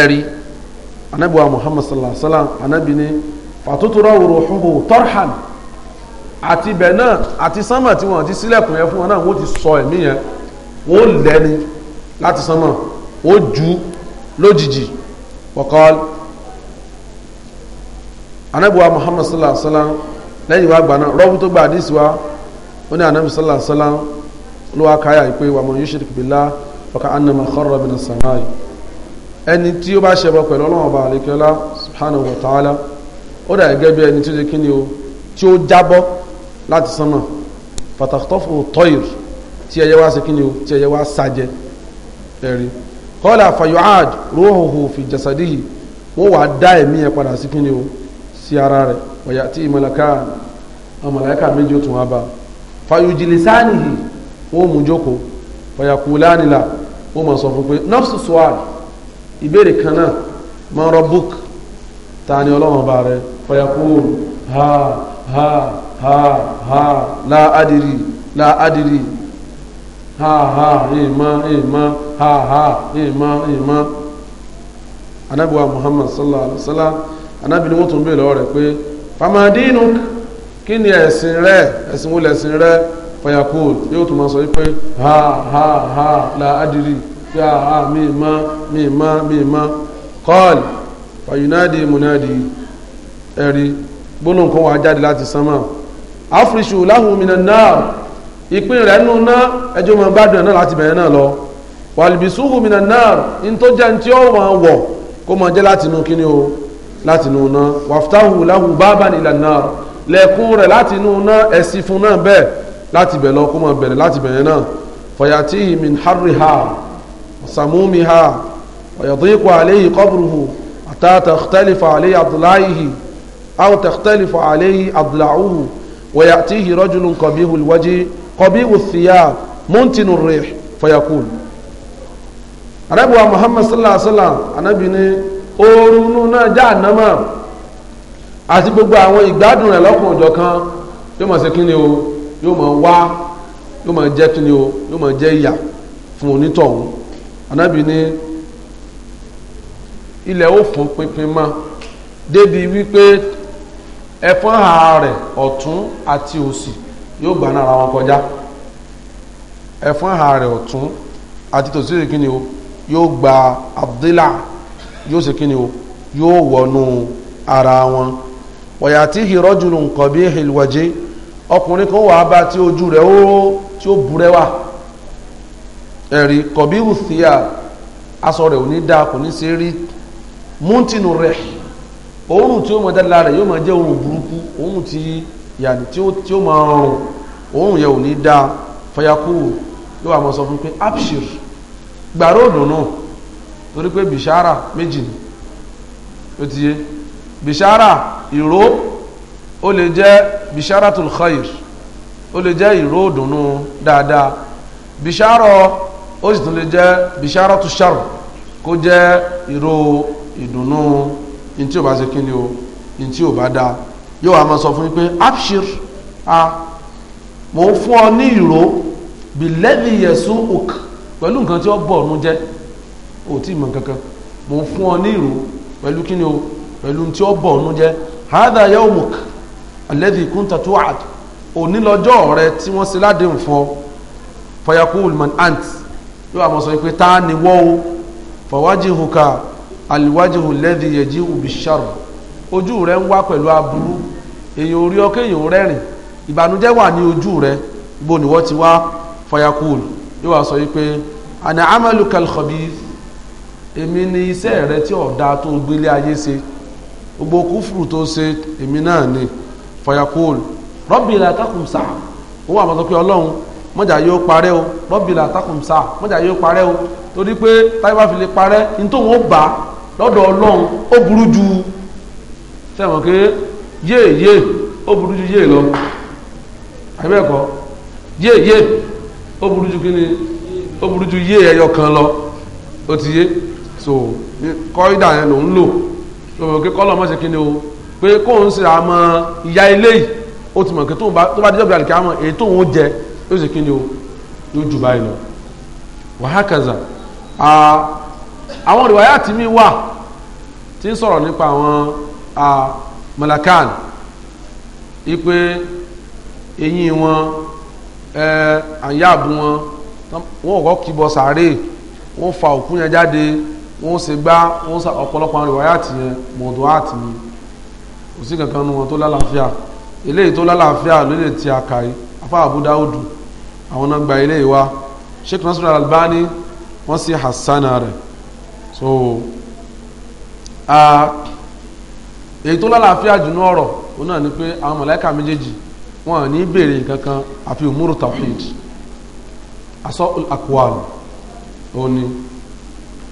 ẹ̀rí anabiwa muhammad sallallahu alaihi wa sallam anabi ni fàtútúrọ̀ ruhuhu tọ́rhàn àti ibẹ̀ náà àti sánmà tí wọ́n ti sílẹ̀kùn yẹn fún wọn náà wọ́n ti sọ ẹ̀mí yẹn wọ́n lẹ́ni láti sánmà ó ju lójijì wọ́kọ́l anabiwa muhammad sallallahu alaihi wa sallam lẹ́yìn wa gbà náà rọ́bù tó gba àdìsí wa ó ní anabi sallallahu alaihi wa sallam olúwa káyà pé wà mọ̀ yushrik billah ọkà annama kharra minas samai ẹni tí ó bá ṣẹbọ pẹ̀lú ọlọ́run ọba àlekẹ́lá subhanahu wa ta'ala ó dà gẹ́gẹ́ bí ẹni tí ó ṣe kíni o tí ó jábọ́ láti sánmà fatakhtafu tọ́yìr tí ẹyẹ wá ṣe kíni o tí ẹyẹ wá ṣàjẹ ẹ̀rí qala fayu'ad ruhuhu fi jasadihi wọ́n wàá dá ẹ̀mí yẹn padà sí kíni o sí ara rẹ̀ wọ̀yà tí ìmọ̀lẹ́ká ọmọlẹ́ká méjì ó tún wá bá fayujlisanihi ó mú jókòó fàyàkùlá nílà ó mọ̀ sọ fún pé nafsu suwal ìbéèrè kan náà man rabbuk ta ni ọlọ́run ọba rẹ fàyàkùl ha ha ha ha la adiri la adiri ha ha ìmọ̀ e ìmọ̀ e ha ha ìmọ̀ ìmọ̀ anabiwa muhammad sallallahu alaihi wa sallam anabi ni wọ́n tún bèèrè lọ́wọ́ rẹ̀ pé famadínú kí ni ẹ̀sìn rẹ ẹ̀sìn wo lẹ̀sìn rẹ fayakul yóò tún máa sọ wípé ha ha ha la adiri ya ha mi ma mi ma mi ma kọ́ọ̀lì fayunadi munadi ẹ̀rí gbóná nǹkan wà jáde láti sánmà afrishu lahu minan nar ìpín rẹ̀ nù ná ẹjọ́ máa bá dùn ẹ̀ náà láti bẹ̀rẹ̀ náà lọ wàlìbìsúhù minan nar ní tó jẹ́ ní tí ó máa wọ̀ kó máa jẹ́ láti inú kíní o láti inú ná wàftáhù lahu bábà ní lẹ́kùn rẹ̀ láti inú ná ẹ̀sìn fún náà bẹ́ẹ̀ láti bẹ̀ lọ kó máa bẹ̀rẹ̀ láti bẹ̀rẹ̀ náà fayatihi min harriha samumiha wayadiqu alayhi qabruhu ata takhtalifa alayhi adla'ihi aw takhtalifa alayhi adla'uhu wayatihi rajulun qabihu alwajhi qabihu athiyab muntinu ar-rih fayaqul arabuwa muhammad sallallahu alaihi wasallam anabi ni oorun nu náà jahannama àti gbogbo àwọn ìgbádùn rẹ̀ lọ́kùnrin ọjọ́ kan yóò máa ṣe kí ni o yóò máa wá yóò máa jẹ́ kíni o yóò máa jẹ́ ìyà fún onítọ̀hún anábì ní ilẹ̀ ó fún pinpin mọ́ débi wípé ẹ̀fọ́n ààrẹ rẹ̀ ọ̀tún àti òsì yóò gbà nára wọn kọjá ẹ̀fọ́n ààrẹ ọ̀tún àti tòsí rẹ̀ kíni o yóò gba abdila yóò ṣe kíni o yóò wọnú ara wọn wọ̀yà tí hìrọ́jùlù nǹkan bí hìlwàjẹ́ ọkùnrin kan wà bá tí ojú rẹ̀ ó tí ó burẹ́wà ẹ̀rí kọ̀bíhù thea aṣọ rẹ̀ ò ní dáa kò ní ṣe rí múntínú rẹ̀ òórùn tí ó mọ̀ dáadáa rẹ̀ yóò máa jẹ́ òórùn burúkú òórùn tí yàní tí ó máa rọrùn òórùn yẹn ò ní dáa fayakú yóò wà máa sọ fún pé abshir gbàrú òdùnnú torí pé bishara méjì ni ó ti yé bishara ìró ó lè jẹ́ bisharatul khair ó lè jẹ́ ìró òdùnnú dáadáa bishara ó sì tún lè jẹ́ bisharatul shar kó jẹ́ ìró ìdùnnú ntí ò bá ṣe kí ni o ntí ò bá dáa yóò wá máa sọ fún yín pé abshir a mò ń fún ọ ní ìró bilẹ́ẹ̀lì yẹ̀sùn òk pẹ̀lú nǹkan tí ó bọ̀ ọ̀nù jẹ́ ò tí ì mọ̀ kankan mò fún ọ ní ìró pẹ̀lú kí ni o pẹ̀lú tí ó bọ̀ ọ̀nù jẹ́ hadha yawmuk alladhi kunta tu'ad òní lọ́jọ́ rẹ tí wọ́n ṣe ládéhùn fún ọ fayaqul man ant yóò àmọ́ sọ pé ta ni wọ́ o fawajihuka alwajihu alladhi yaji'u bishar ojú rẹ ń wá pẹ̀lú aburú èyàn orí ọkọ èyàn rẹ́rìn ìbànújẹ́ wà ní ojú rẹ bó ni wọ́n ti wá fayaqul yóò wá sọ pé ana amalukal khabith èmi ni iṣẹ́ rẹ tí ọ̀dà tó gbélé ayé ṣe gbogbo kúfùrù tó ṣe èmi náà ni fọyàkúl rọ́bì là takùn sáà ó wà mọ́tò pé ọlọ́run mọ́jà yóò parẹ́ o rọ́bì là takùn sáà mọ́jà yóò parẹ́ o torí pé táyé bá fi lè parẹ́ nítòun ó bà lọ́dọ̀ ọlọ́run ó burú ju sẹ́wọ̀n ké yéèyé ó burú ju yéè lọ àbẹ́ẹ̀kọ́ yéèyé ó burú ju kíni ó burú ju yéè ẹyọ kan lọ ó ti yé so kọ́ ìdá yẹn lòún lò lọ́wọ́ ké kọ́ lọ́mọ́ ṣe kíni o pé kóun sì ra mọ ìyá eléyìí ó ti mọ̀ pé tó bá dé ọ̀gbìn àlìkí àmọ́ èyí tóun ó jẹ yóò sì kí ni o yóò jù báyìí lọ wàhákàzà àwọn rìwáyà tí mi wà tí ń sọ̀rọ̀ nípa àwọn malakan ipe eyín wọn àyàbù wọn wọn ò kọ́ kíbọ sàárè wọn fa òkú yẹn jáde wọn ó ṣe gbá wọn ọ̀pọ̀lọpọ̀ àwọn rìwáyà tì yẹn mọ̀dọ́ àtìyẹn kò sí kankan nu wọn tó lálàáfíà eléyìí tó lálàáfíà ló lè ti àkàrí afá Abu Dawud àwọn náà gba eléyìí wa Sheikh Nasir Al-Albani wọ́n sì hasana rẹ̀ so èyí tó lálàáfíà jù ní ọ̀rọ̀ ó náà ni pé àwọn mọ̀lẹ́kà méjèèjì wọn ní béèrè kankan àfi umuru tawhid asọ́ akwal òní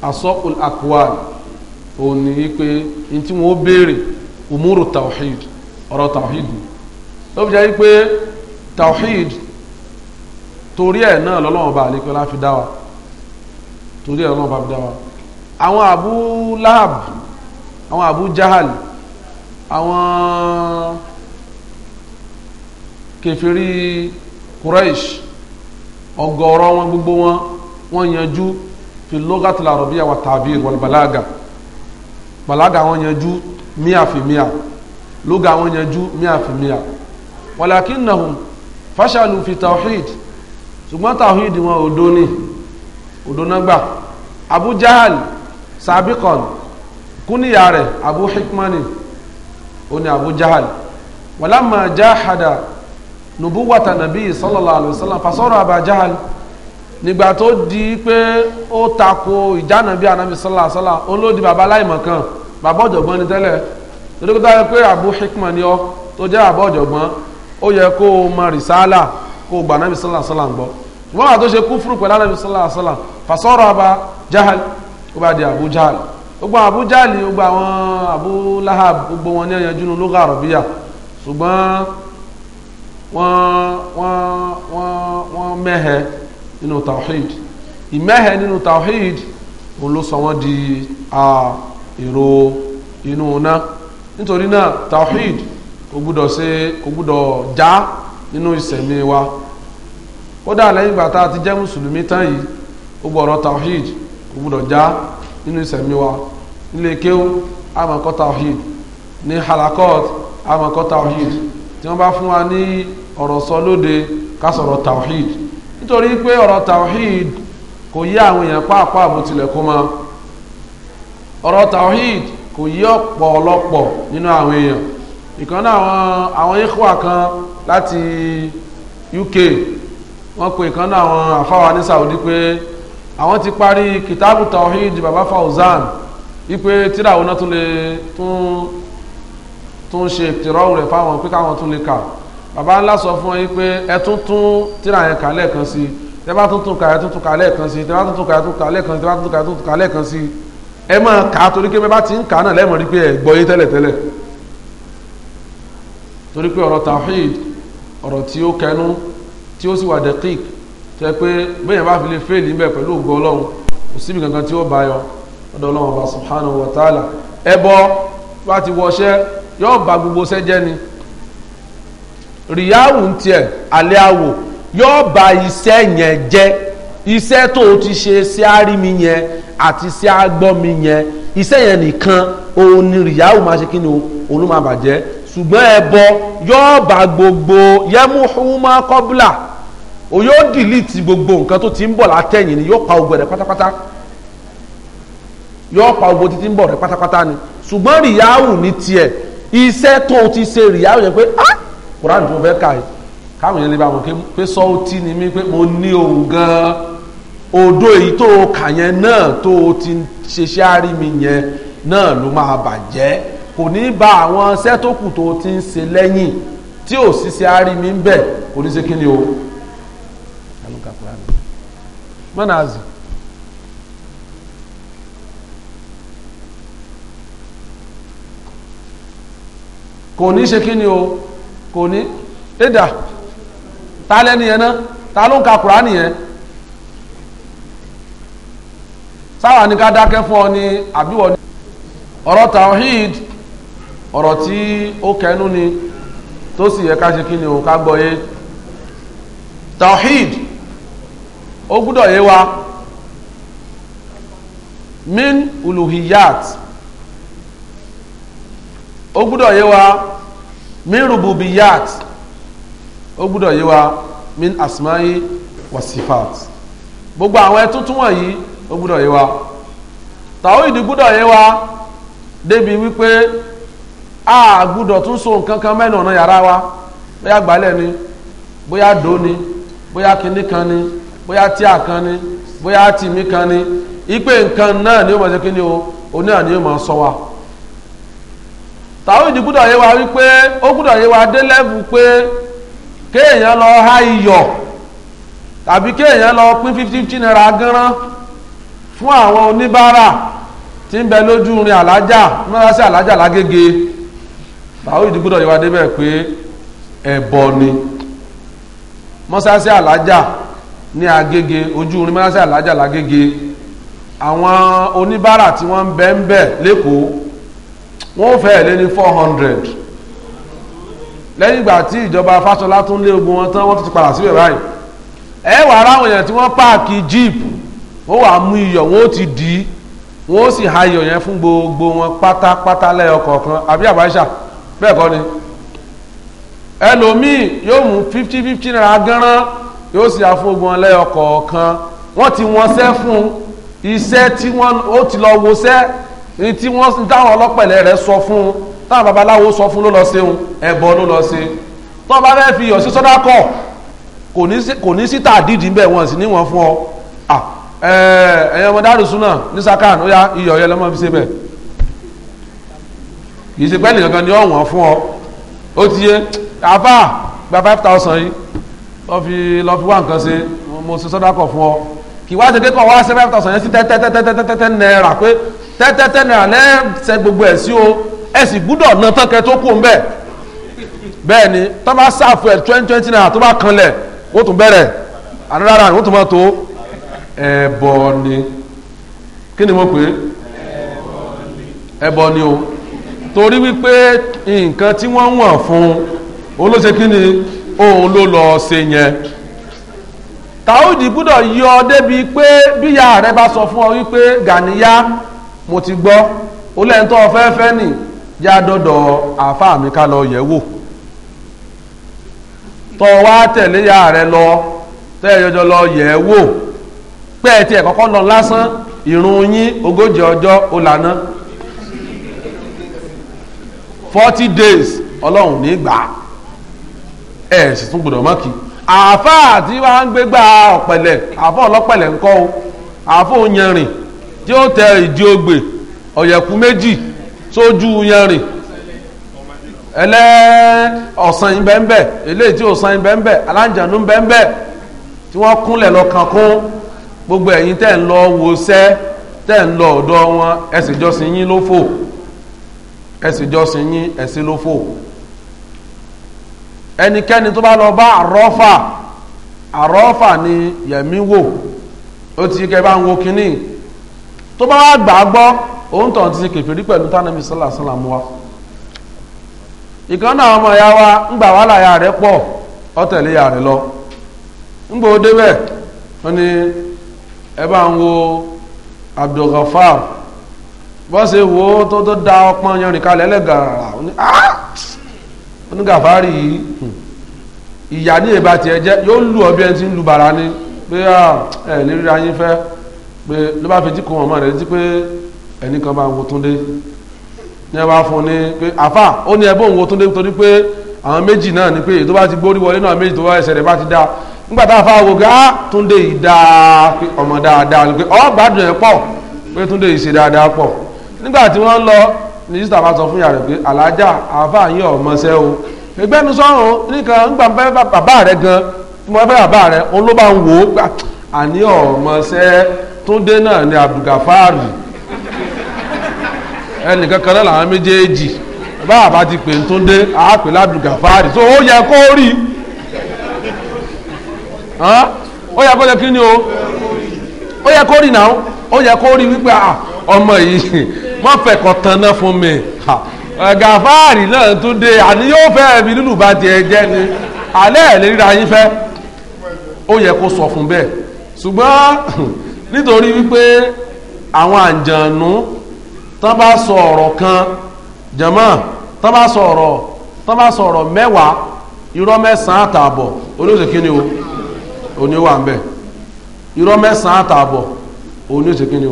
asọ́ akwal òní pé ní tí wọ́n béèrè umuru tawhid ọ̀rọ̀ tawhid ló fi jẹ́ pé tawhid torí ẹ̀ náà lọ́lọ́wọ́n bá àlékún láfi dá wa torí ẹ̀ lọ́lọ́wọ́n bá fi dá wa àwọn abu lahab àwọn abu jahal àwọn kèfèrí quraish ọ̀gọ̀rọ̀ wọn gbogbo wọn wọn yanjú fi lughatil arabiyya wa tabir wal wọn yanjú mia fi mia lóga àwọn yẹn ju mia fi mia walakinnahum fashalu fi tawhid ṣùgbọ́n tawhid wọn ò dóni òdónágbà abu jahal sabiqan kúníyà rẹ̀ abu hikmani ó ní abu jahal walamma jahada nubuwata nabi sallallahu alayhi wa sallam fasọ́rọ̀ abu jahal nígbà tó di pé ó tako ìjánabi anabi sallallahu alayhi wa sallam ó baba láìmọ̀ kan bàbá ọ̀jọ̀gbọ́n ni tẹ́lẹ̀ torí kó dáa pé Abu Hikman ni ọ tó jẹ́ bàbá ọ̀jọ̀gbọ́n ó yẹ kó o mọ rìsáálà kó o gbà nábì sọ́là sọ́là ń gbọ́ ṣùgbọ́n àtó ṣe kúfúrú pẹ̀lú nábì sọ́là sọ́là fàṣọ́rọ̀ ọba jahal ó bá di Abu Jahal gbogbo Abu Jahal gbogbo àwọn Abu Lahab gbogbo wọn ní ẹ̀yànjú nu lóga àrọ̀bíyà ṣùgbọ́n wọ́n wọ́n wọ́n wọ́n mẹ́hẹ̀ nínú tawhid ìmẹ́hẹ̀ nínú tawhid òun ló sọ wọ́n di. Uh, iro inú iná nítorí náà tawhid kò gbúdọ̀ ṣe kò gbúdọ̀ já nínú ìsẹ̀mí wa ó dà lẹ́yìn ìgbà tá a ti jẹ́ mùsùlùmí tán yìí ó gbọ́dọ̀ tawhid kò gbúdọ̀ já nínú ìsẹ̀mí wa nílé kéwú àmọ̀kọ́ tawhid ní halakot àmọ̀kọ́ tawhid tí wọ́n bá fún wa ní ọ̀rọ̀ sọ lóde ká sọ̀rọ̀ tawhid nítorí pé ọ̀rọ̀ tawhid kò yé àwọn èèyàn pàápàá bó tilẹ̀ kó máa ọ̀rọ̀ tawhid kò yí ọ̀pọ̀lọpọ̀ nínú àwọn èèyàn ìkan náà àwọn àwọn ikhwa kan láti UK wọ́n pe ìkan náà àwọn àfáwà ní Saudi pé àwọn ti parí kìtàbù tawhid baba Fauzan wípé tíra àwọn náà tún lè tún tún ṣe ìtìrọ́wù rẹ̀ fáwọn pé káwọn tún lè kà baba ńlá sọ fún yín pé ẹ tún tún tíra yẹn kà lẹ́ẹ̀kan sí tẹ́ bá tún tún kà ẹ tún tún kà lẹ́ẹ̀kan sí tẹ́ bá tún tún kà ẹ tún kà lẹ́ẹ̀kan sí tẹ́ bá tún tún kà ẹ tún kà lẹ́ẹ̀kan sí ẹ máa kà á torí pé bẹ́ẹ̀ bá ti ń kà á náà lẹ́mọ̀ rí pé ẹ gbọ́ yé tẹ́lẹ̀tẹ́lẹ̀ torí pé ọ̀rọ̀ tawhid ọ̀rọ̀ tí ó kẹnu tí ó sì wà dẹ́kík tẹ́ pé bẹ́ẹ̀ bá fi lè fẹ́ẹ̀lì ń bẹ̀ pẹ̀lú ògo ọlọ́run kò síbi kankan tí ó bá yọ ọ̀dọ̀ ọlọ́run ọba subhanahu wa ta'ala ẹ bọ́ bá ti wọṣẹ́ yóò ba gbogbo sẹ́jẹ́ ni ríyáwù ń tiẹ̀ alẹ́ àwò yóò ba iṣẹ́ yẹn jẹ́ iṣẹ́ tó o ti ṣe sí àárí mi yẹn àti sí àgbọ́ mi yẹn iṣẹ́ yẹn nìkan òun ni rìyáwó máa ṣe kí ni òun ló máa bàjẹ́ ṣùgbọ́n ẹbọ yóò bá gbogbo yẹmúhùnmá kọ́bùlà o yóò dìlítì gbogbo nǹkan tó ti ń bọ̀ látẹ̀yìn ni yóò pa ogun rẹ̀ pátápátá yóò pa ogun títí ń bọ̀ rẹ̀ pátápátá ni ṣùgbọ́n rìyáwó ní tiẹ̀ iṣẹ́ tó o ti ṣe rìyáwó yẹn pé ah tó fẹ́ ká káwọn yẹn lè bá wọn pé sọ́ọ́ tí ni mí pé mo ní òun gan-an Odo èyí tó o kà yẹn náà tó o ti ṣeṣẹ́ àrími yẹn náà ló máa bàjẹ́ kò ní ba àwọn iṣẹ́ tó kù tó o ti ń ṣe lẹ́yìn tí ò ṣiṣẹ́ àrími ń bẹ̀ kò ní ṣe kí ni o. kò ní ṣe kí ni o kò ní ẹ̀dà ta lẹ́nu yẹn náà ta ló ń ka Kùránì yẹn. sáwà ní ká dákẹ́ fún ọ ní àbíwọ̀ ní ọ̀rọ̀ tawhid ọ̀rọ̀ tí ó kẹnu ni tó sì yẹ ká ṣe kí ni o ká gbọ́ yé tawhid ó gbúdọ̀ yé wa min uluhiyat ó gbúdọ̀ yé wa min rububiyat ó gbúdọ̀ yé wa min asma'i wasifat gbogbo àwọn ẹtútù wọ̀nyí ó gbúdọ̀ yé wa tàwíìdì gbúdọ̀ yé wa débi wípé a gbúdọ̀ tún so nǹkan kan mẹ́nu ọ̀nà yàrá wa bóyá gbálẹ̀ ni bóyá dó ni bóyá kinní kan ni bóyá tíà kan ni bóyá tìmí kan ni ipe nǹkan náà ni ó máa ṣe kí ni o oní àní ó máa sọ wa tàwíìdì gbúdọ̀ yé wa wípé ó gbúdọ̀ yé wa dé lẹ́bù pé kéèyàn lọ há iyọ̀ tàbí kéèyàn lọ pín fifty fifty naira gánran fún àwọn oníbàárà tí ń bẹ lójú rin alájà múra sí alájà lágége báwo ìdígbòdò yìí wá débẹ̀ pé ẹ̀bọ ni mọ́sáàsì alájà ní agége ojú rin mọ́sáàsì alájà lágége àwọn oníbàárà tí wọ́n ń bẹ ń bẹ lẹ́kọ̀ọ́ wọ́n fẹ́ẹ̀ lé ní four hundred lẹ́yìn ìgbà tí ìjọba Fáṣọlá tún lé ogun wọn tán wọ́n tún ti padà síbẹ̀ báyìí ẹ wàá ráwọn èèyàn tí wọ́n páàkì jíìpù wọ́n wàá mú iyọ̀ wọ́n ó ti dì í wọ́n ó sì ha iyọ̀ yẹn fún gbogbo wọn pátápátá lẹ́yọ kọ̀ọ̀kan àbí àbáṣà bẹ́ẹ̀ kọ́ ni ẹlòmíì yóò mú fifty fifty naira gánran yóò sì àfọgbọ́n lẹ́yọ kọ̀ọ̀kan wọ́n ti wọ́n sẹ́ fún iṣẹ́ tí wọ́n ó ti lọ wo sẹ́ ní tí wọ́n dáhùn ọlọ́pẹ̀lẹ̀ rẹ̀ sọ fún un táwọn babaláwo sọ fún ló lọ ṣe òun ẹ̀bọ ló lọ ṣe tó bá fẹ́ fi iyọ̀ sí sọ́dá kọ̀ kò ní sí tàdídì bẹ́ẹ̀ wọ́n sì ní wọ́n fún ọ ẹ̀yin ọmọ dáàrú súnà ní sakan ó yá iyọ̀ ọ̀yọ́ lọ́mọ fi ṣe bẹ́ẹ̀ kìí ṣe pẹ́ẹ́lì kankan ni ó wọ̀n fún ọ ó ti yé àfà gba five thousand yìí lọ́ fi lọ́ fi wá nǹkan ṣe mo ṣe sọ́dọ̀ akọ̀ fún ọ kì wá ṣe kékọ̀ wá ṣe five thousand yẹn sí tẹ́tẹ́tẹ́tẹ́tẹ́tẹ́ náírà pé tẹ́tẹ́tẹ́ náírà lẹ́sẹ̀ gbogbo ẹ̀ sí o ẹ̀ sì gbúdọ̀ nà tán kẹ́ tó kù ń bẹ̀ bẹ́ẹ̀ ni tọ́ bá ṣàfù ẹ̀ twenty twenty naira tó bá kanlẹ̀ ó tún bẹ̀rẹ̀ àdúrà rà ó tún mọ̀ tó ni? kí ni mo pe? é ni o torí wípé nkan tí wọ́n wọ̀n fún o ló ṣe kí ni òun ló lọ ṣe yẹn tàódì yọ débi pé bíyà rẹ bá sọ fún ọ wípé mo ti gbọ́ ó lẹ́ńtọ́ fẹ́fẹ́ nì yá dọ́dọ̀ yẹ̀ lọ lọ yẹ̀ pé ẹ tiẹ̀ kọ́kọ́ lọ lásán ìrun yín ogójì ọjọ́ ó lànà forty days ọlọ́run ní gbà ẹ sì tún gbọdọ̀ mọ́kì àáfàá tí wàá ń gbégbá ọ̀pẹ̀lẹ̀ àáfàá ọlọ́pẹ̀lẹ̀ ńkọ́ o àáfàá òyìnrìn tí ó tẹ ìdí ogbè ọ̀yẹ̀kú méjì sójú yanrìn ẹlẹ́ ọ̀sán yín bẹ́ẹ̀ bẹ́ẹ̀ eléyìí tí ọ̀sán yín bẹ́ẹ̀ bẹ́ẹ̀ aláǹjànú tí wọ́n kúnlẹ̀ lọ́kàn kún gbogbo ẹ̀yin tẹ́ ń lọ wọṣẹ́ tẹ́ ń lọ ọ̀dọ̀ wọn ẹ̀sìn jọ́sìn yín ló fò ẹ̀sìn yín ẹ̀sìn ló fò ẹnikẹ́ni tó bá lọ bá àrọ́fà àrọ́fà ni yẹ̀mí wò ó ti kẹ́ bá ń wo kínní tó bá wá gbà á gbọ́ òun tàn ti kèfèrí pẹ̀lú tánàbí sálà wa ìkan ọmọ ya wa ń gbà wàhálà ya rẹ̀ pọ̀ ọ tẹ̀lé ya rẹ̀ lọ ń gbòó débẹ̀ ẹ bá ń wo Abdulgafar bọ́sẹ̀ wo tó tó da ọpọ́n yanrìn kalẹ̀ ẹlẹ́gàrà onígàfárì ah! yìí hmm, ìyá ní ìbá tiẹ̀ jẹ́ yóò lù ọ́ bí ẹni tí ń lu bàrà ni pé ah, ẹ ní ríra yín fẹ́ pé ló bá fetí kun ọmọ rẹ̀ létí pé ẹnì kan bá ń wo Túndé ní ẹ bá fún un ní pé àfà ó ní ẹ bó ń wo Túndé torí pé àwọn méjì náà ni pé èyí tó bá ti gbórí wọlé náà méjì tó bá ẹsẹ̀ rẹ̀ bá ti dá nígbà tá a fa àwògá ah, túndé yìí dáa pé ọmọ dáadáa pé ọ gbádùn ẹ pọ̀ pé túndé yìí ṣe dáadáa pọ̀ nígbà tí wọ́n lọ mínísítà bá sọ fún yàrá pé alájà àáfà yín ọmọọṣẹ́ o ẹgbẹ́ mi sọ̀rọ̀ nìkan nígbà fẹ́ bàbá rẹ gan tí mo fẹ́ bàbá rẹ òun ló bá ń wò ó gbà ah, àní ọmọọṣẹ́ túndé náà ni abdulgafari ẹnìkan kan náà làwọn méjèèjì bá àbá ti pè ń túndé àá pè lábdulgafari so ó yẹ kó rí i. ó yẹ kó kí ni o ó yẹ kó rí náà ó yẹ kó rí wípé ah, ọmọ yìí fún mi gàfáàrì náà tún dé àní yóò fẹ́ mi lùlù bá tiẹ̀ ni alẹ́ lè ríra yín ó yẹ kó sọ fún bẹ́ẹ̀ nítorí wípé àwọn àǹjànú tán bá sọ kan jẹ̀mọ́ tán bá sọ ọ̀rọ̀ tán bá sọ ọ̀rọ̀ o. òní wà ń bẹ̀ irọ́ mẹ́sàn-án àtààbọ̀ òní ṣe o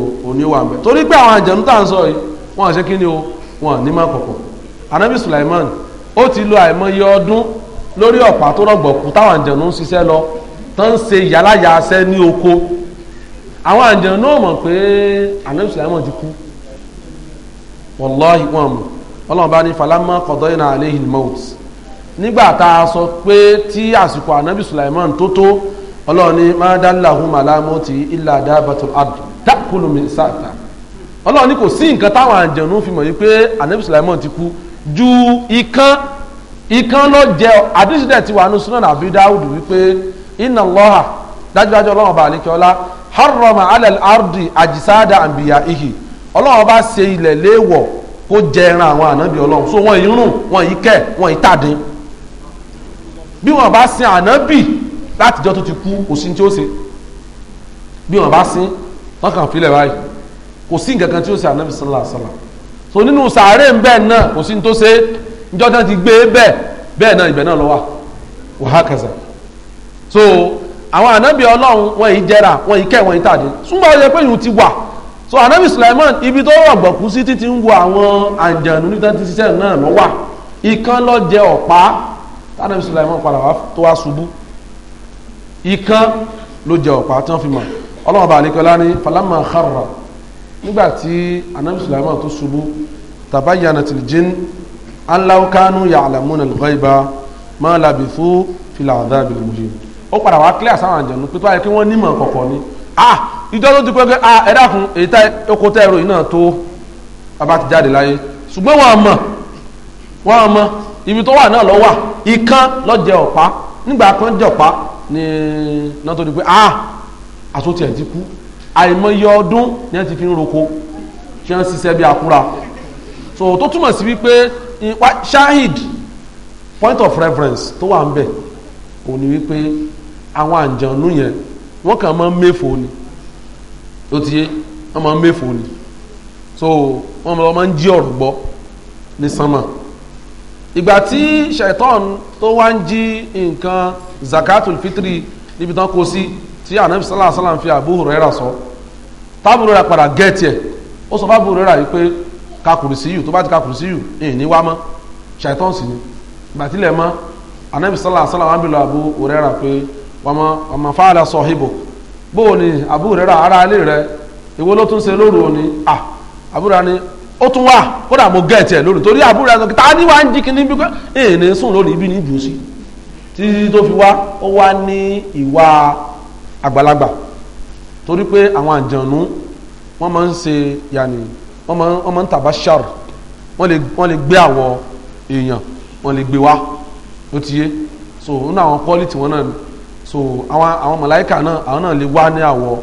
torí pé àwọn àjẹ̀nú tá ń sọ yìí o wọ́n ní anabi Sulaiman ó ti lo àìmọye ọdún lórí ọ̀pá tó rọ̀gbọ̀kú táwọn àjẹ̀nú ń ṣiṣẹ́ lọ tán ń ṣe ní oko àwọn àjẹ̀nú mọ̀ ọlọ́run ní má dálàhùn màlámú ti ilà dábàtún àdù dákùlù mi sáàtà ọlọ́run ní kò sí nǹkan táwọn àjẹ̀nú fi mọ̀ yìí pé anabi sulaimon ti kú ju ikán ikán ló jẹ àdúsídẹ̀ ti wà ní sunan àbí dáwùdù wípé iná lọ́hà dájúdájú ọlọ́run ọba àlékẹ́ọ́lá harrama alal ardi àjísáàdà àǹbìyà ihì ọlọ́run ọba ṣe ilẹ̀ léèwọ̀ kó jẹ ẹran àwọn ànábì ọlọ́run so wọn yìí rùn wọn yìí kẹ wọn yìí tàdín bí wọn bá sin ànábì látijọ́ tó ti kú kò sí ní tí ó ṣe bí wọn bá sin wọn kàn fi lẹ̀ báyìí kò sí nǹkan kan tí ó ṣe ànábì sọlá sọlá so nínú sàárè ń bẹ́ẹ̀ náà kò sí ní tó ṣe níjọ́ náà ti gbé bẹ́ẹ̀ bẹ́ẹ̀ náà ibẹ̀ náà lọ wà wàhá kẹsà so àwọn ànábì ọlọ́run wọn yìí jẹ́ra wọn yìí kẹ́ wọn yìí tàdé súnmọ́ ọ yẹ pé ìhùn ti wà so ànábì Sulaiman ibi tó wà gbọ̀kú sí títí ń wo àwọn àjànú níta ti ṣiṣẹ́ náà lọ́wà ìkan ló jẹ ọ̀pá tànábì Sulaiman padà wá tó wá ṣubú ikán ló jẹ ọ̀pá tí wọ́n fi mọ̀ ọlọ́run bá àlekọ́lá ní falama khara nígbà tí anabi sulaiman tó ṣubú tabayyana til jin an law kanu ya'lamuna al-ghayba ma labithu fil adhabil muhin ó padà wá clear sáwọn àjẹnu pé tó ayẹ kí wọ́n nímọ̀ kọ̀kọ̀ ni ah ìjọ tó ti pẹ́ pé ah ẹ̀dá fún èyí tá oko tẹ́ ẹ̀rọ yìí náà tó abá ti jáde láyé ṣùgbọ́n wọn mọ̀ wọn mọ̀ ibi tó wà náà lọ wà ìkan ọ̀pá nígbà kan jẹ ọ̀pá ní náà tó di pé ah àtúntì ẹ̀ ti kú àìmọye ọdún ni wọ́n ti fi ń roko ṣé wọ́n ṣiṣẹ́ bí akúra so tó túmọ̀ sí wípé shahid point of reference tó wà ń bẹ̀ òun ni wípé àwọn àǹjọ̀nú yẹn wọ́n kàn máa ń méfò ni ó ti yé wọ́n máa ń méfò ni so wọ́n máa ń jí ọ̀rọ̀ gbọ́ ní sánmà ìgbà tí shaitan tó wá ń jí nǹkan zakatul fitri níbi tán kó sí tí anabi sallallahu alayhi wa sallam fi Abu Hurairah sọ tábùrù rẹ̀ padà gẹ̀ẹ́tì ẹ̀ ó sọ fábùrù rẹ̀ yìí pé ka kùrìsíyù tó bá ti ka kùrìsíyù ẹ̀yìn ní wá mọ́ ṣàìtàn sì ni ìgbà tí ilẹ̀ mọ́ anabi sallallahu alayhi wa sallam wọn bí lọ Abu Hurairah pé wa ma fa'ala sahibu bóò ni Abu Hurairah ara ilé rẹ̀ ìwọ ló tún ṣe lóru òní à ah, Abu Hurairah ni ó tún wà kódà mo gẹ̀ tiẹ̀ lónìí torí àbúrò ẹ̀ sọ̀kì tá a ní wàá ń jí kíní bí pé èèyàn sùn lónìí ibi ní ìdùn sí títí tó fi wá ó wá ní ìwà àgbàlagbà torí pé àwọn àjànú wọ́n máa ń ṣe yàní wọ́n máa ń tàbá ṣàr wọ́n lè gbé àwọ̀ èèyàn wọ́n lè gbé wá ó ti yé so nínú àwọn quality wọn náà so àwọn àwọn màláìka náà àwọn náà lè wá ní àwọ̀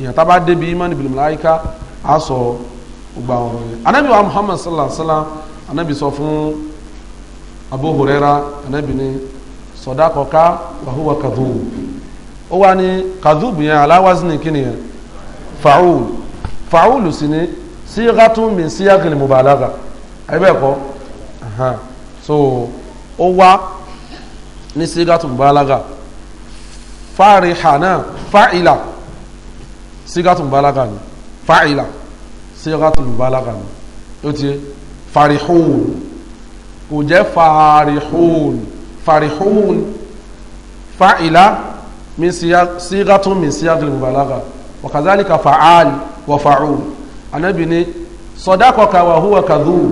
èèyàn tá bá débi imánibìlì màláìka á sọ gbogbo àwọn ọ̀rọ̀ yẹn anabi wa muhammad sallallahu alaihi wa sallam anabi sọ fún abu huraira anabi ni sọdakọka wahuwa kadhub ó wá ní kadhub yẹn aláwáṣí ni kíni yẹn fa'ul fa'ul sì ni síyàtún min síyàgìlì mubalaga ẹ̀bẹ̀ẹ̀kọ́ so ó wá ní síyàtún mubalaga fàrìhànà fa'ila síyàtún mubalaga ni fa'ila síyọ́gàtò ìbálàgà ni ó ti farihun kò jẹ́ farihun farihun fa'ila síyọ́gàtò min síyọ́gàtò ìbálàgà wàkàzálìkà fa'al wà fa'ul anábì ni sọdákọ̀ọ́ka wà húwà kadhub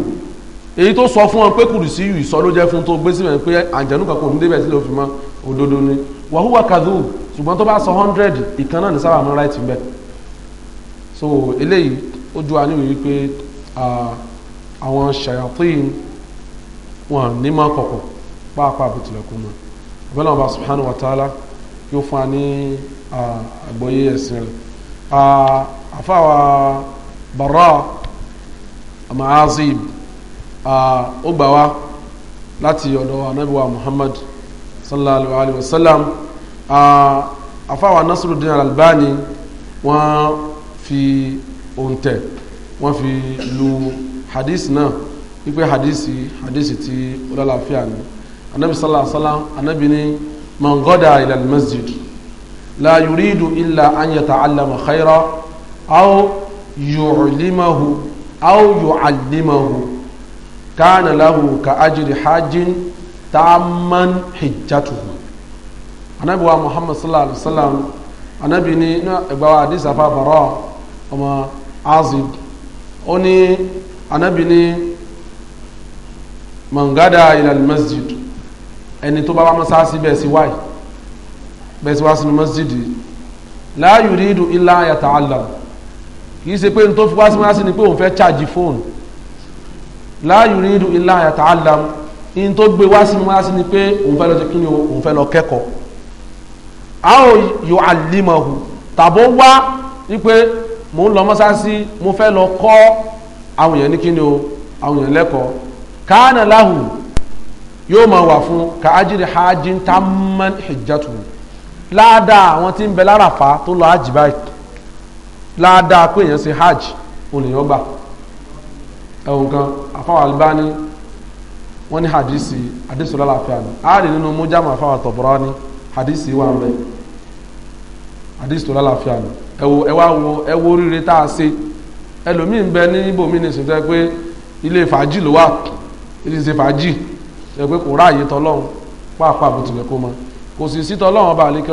èyí tó sọ fún ọ pé kùrùsí yìí sọ ló jẹ́ fún tó gbé síbẹ̀ pé àǹjẹ̀nú kankan òun débẹ̀ sílẹ̀ òfin mọ́ òdodo ni wàhúwà kadhub ṣùgbọ́n tó bá sọ hundred ìkan ní sábà mọ́ right ń bẹ̀ so eléyìí ó dúró aníwèé wípé àwọn ṣàyàtín wọn ní máa kọ̀kọ̀ pàápàá bó tilẹ̀ kú mọ́ abẹ́lẹ́ ọba subhanahu wa ta'ala yóò fún wa ní àgbọ́yé ẹ̀sìn rẹ̀ àfáwà bara maazib ó gbà wá láti ọ̀dọ̀ anábíwá muhammad sallallahu alayhi wa sallam àfáwà nasiruddin al-albani wọ́n fi òǹtẹ̀ wọ́n fi lu hadith náà wípé hadith hadith ti ọlọ́láfíà ni anabi sallallahu alayhi wa sallam anabi ni man ghada ila almasjid la yuridu illa an yata'allama khayra aw yu'limahu aw yu'allimahu kana lahu ka ajri hajjin ta'amman hijjatuhu anabi wa muhammad sallallahu alayhi wa sallam anabi ni ẹgbàá wa hadith afa bara azib ó ní anábì ní mangada ilal masjid ẹni tó bá wá mọ́sáàsì bẹ́ẹ̀ sí wáyé bẹ́ẹ̀ sí wá sínú masjid la yuridu illa yata'allam kì í ṣe pé n tó fi wá sí mọ́sáàsì ni pé òun fẹ́ ṣáàjì fóònù la yuridu illa yata'allam in tó gbé wá sínú mọ́sáàsì ni pé òun fẹ́ lọ ṣe kí ni òun fẹ́ lọ kẹ́kọ̀ọ́ àwọn yu'allimahu tàbó wá wípé mò ń lọ mọ́sáàsì mo fẹ́ lọ kọ́ àwọn èèyàn ní kíni o àwọn èèyàn lẹ́kọ̀ọ́ káànà láhù yóò máa wà fún ka ájírí hajj tamman hijjatu láàdáa àwọn tí ń bẹ láràfà tó lọ hajj báyìí láàdáa pé èèyàn ṣe hajj olèyàn gbà ẹ̀wọ̀n kan àfáwọn Albani wọ́n ní hadisi hadisi lálàáfíà ni a rí nínú mú jámà àfáwọn Tabrani hadisi wà ń bẹ hadisi tó ni ẹ wo ẹ wá wo ẹ wo oríire tá a ṣe ẹlòmíì ń bẹ ní ibòmí ní sèto ẹ pé ilé fàájì ló wà ilé ṣe fàájì ẹ pé kò ráàyè tọlọ́run pàápàá bó tilẹ̀ kó mọ kò sì sí tọlọ́run ọba àlékè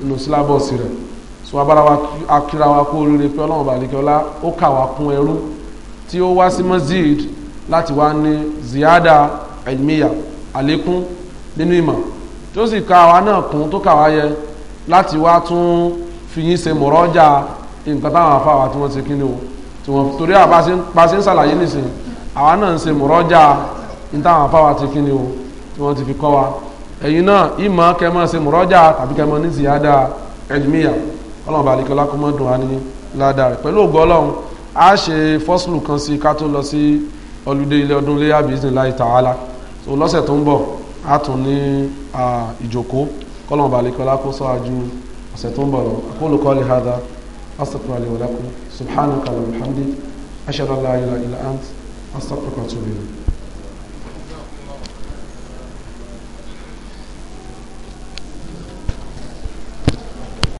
nínú sílábọ̀sì rẹ̀ so abara wa akira wa kó oríire pé ọlọ́run ọba àlékè ó kà wá kún ẹrú tí ó wá sí masjid láti wá ní ziyada ilmiya àlékún nínú ìmọ̀ tó sì ka àwa náà kún tó kà wá yẹ láti wá tún fi yín ṣe mọ̀rọ́jà nǹkan táwọn afáwà tí wọ́n ṣe kí ni o tí wọ́n torí àbáṣe ń ṣàlàyé nìsín àwa náà ń ṣe mọ̀rọ́jà ní táwọn afáwà ti kí ni o tí wọ́n ti fi kọ́ wa ẹ̀yin náà ìmọ̀ kẹmọ́ ṣe mọ̀rọ́jà tàbí kẹmọ́ ní ziyada ẹ̀dmíyà ọlọ́run balẹ̀ kọlá kọ́ dùn á ní ládàá rẹ̀ pẹ̀lú ògbọ́ ọlọ́run a ṣe fọ́sùlù kan sí ká lọ sí ọlùdé ilé ọdún léyà bìíní láì tààlà tó lọ́sẹ̀ tó ń bọ̀ a tún ní ìjòkó kọ́lọ́run balẹ̀ kó sọ́ àjù وستنبر أقول قولي هذا أستغفر لي ولكم سبحانك اللهم وبحمدك أشهد أن لا إله إلا أنت أستغفرك وأتوب إليك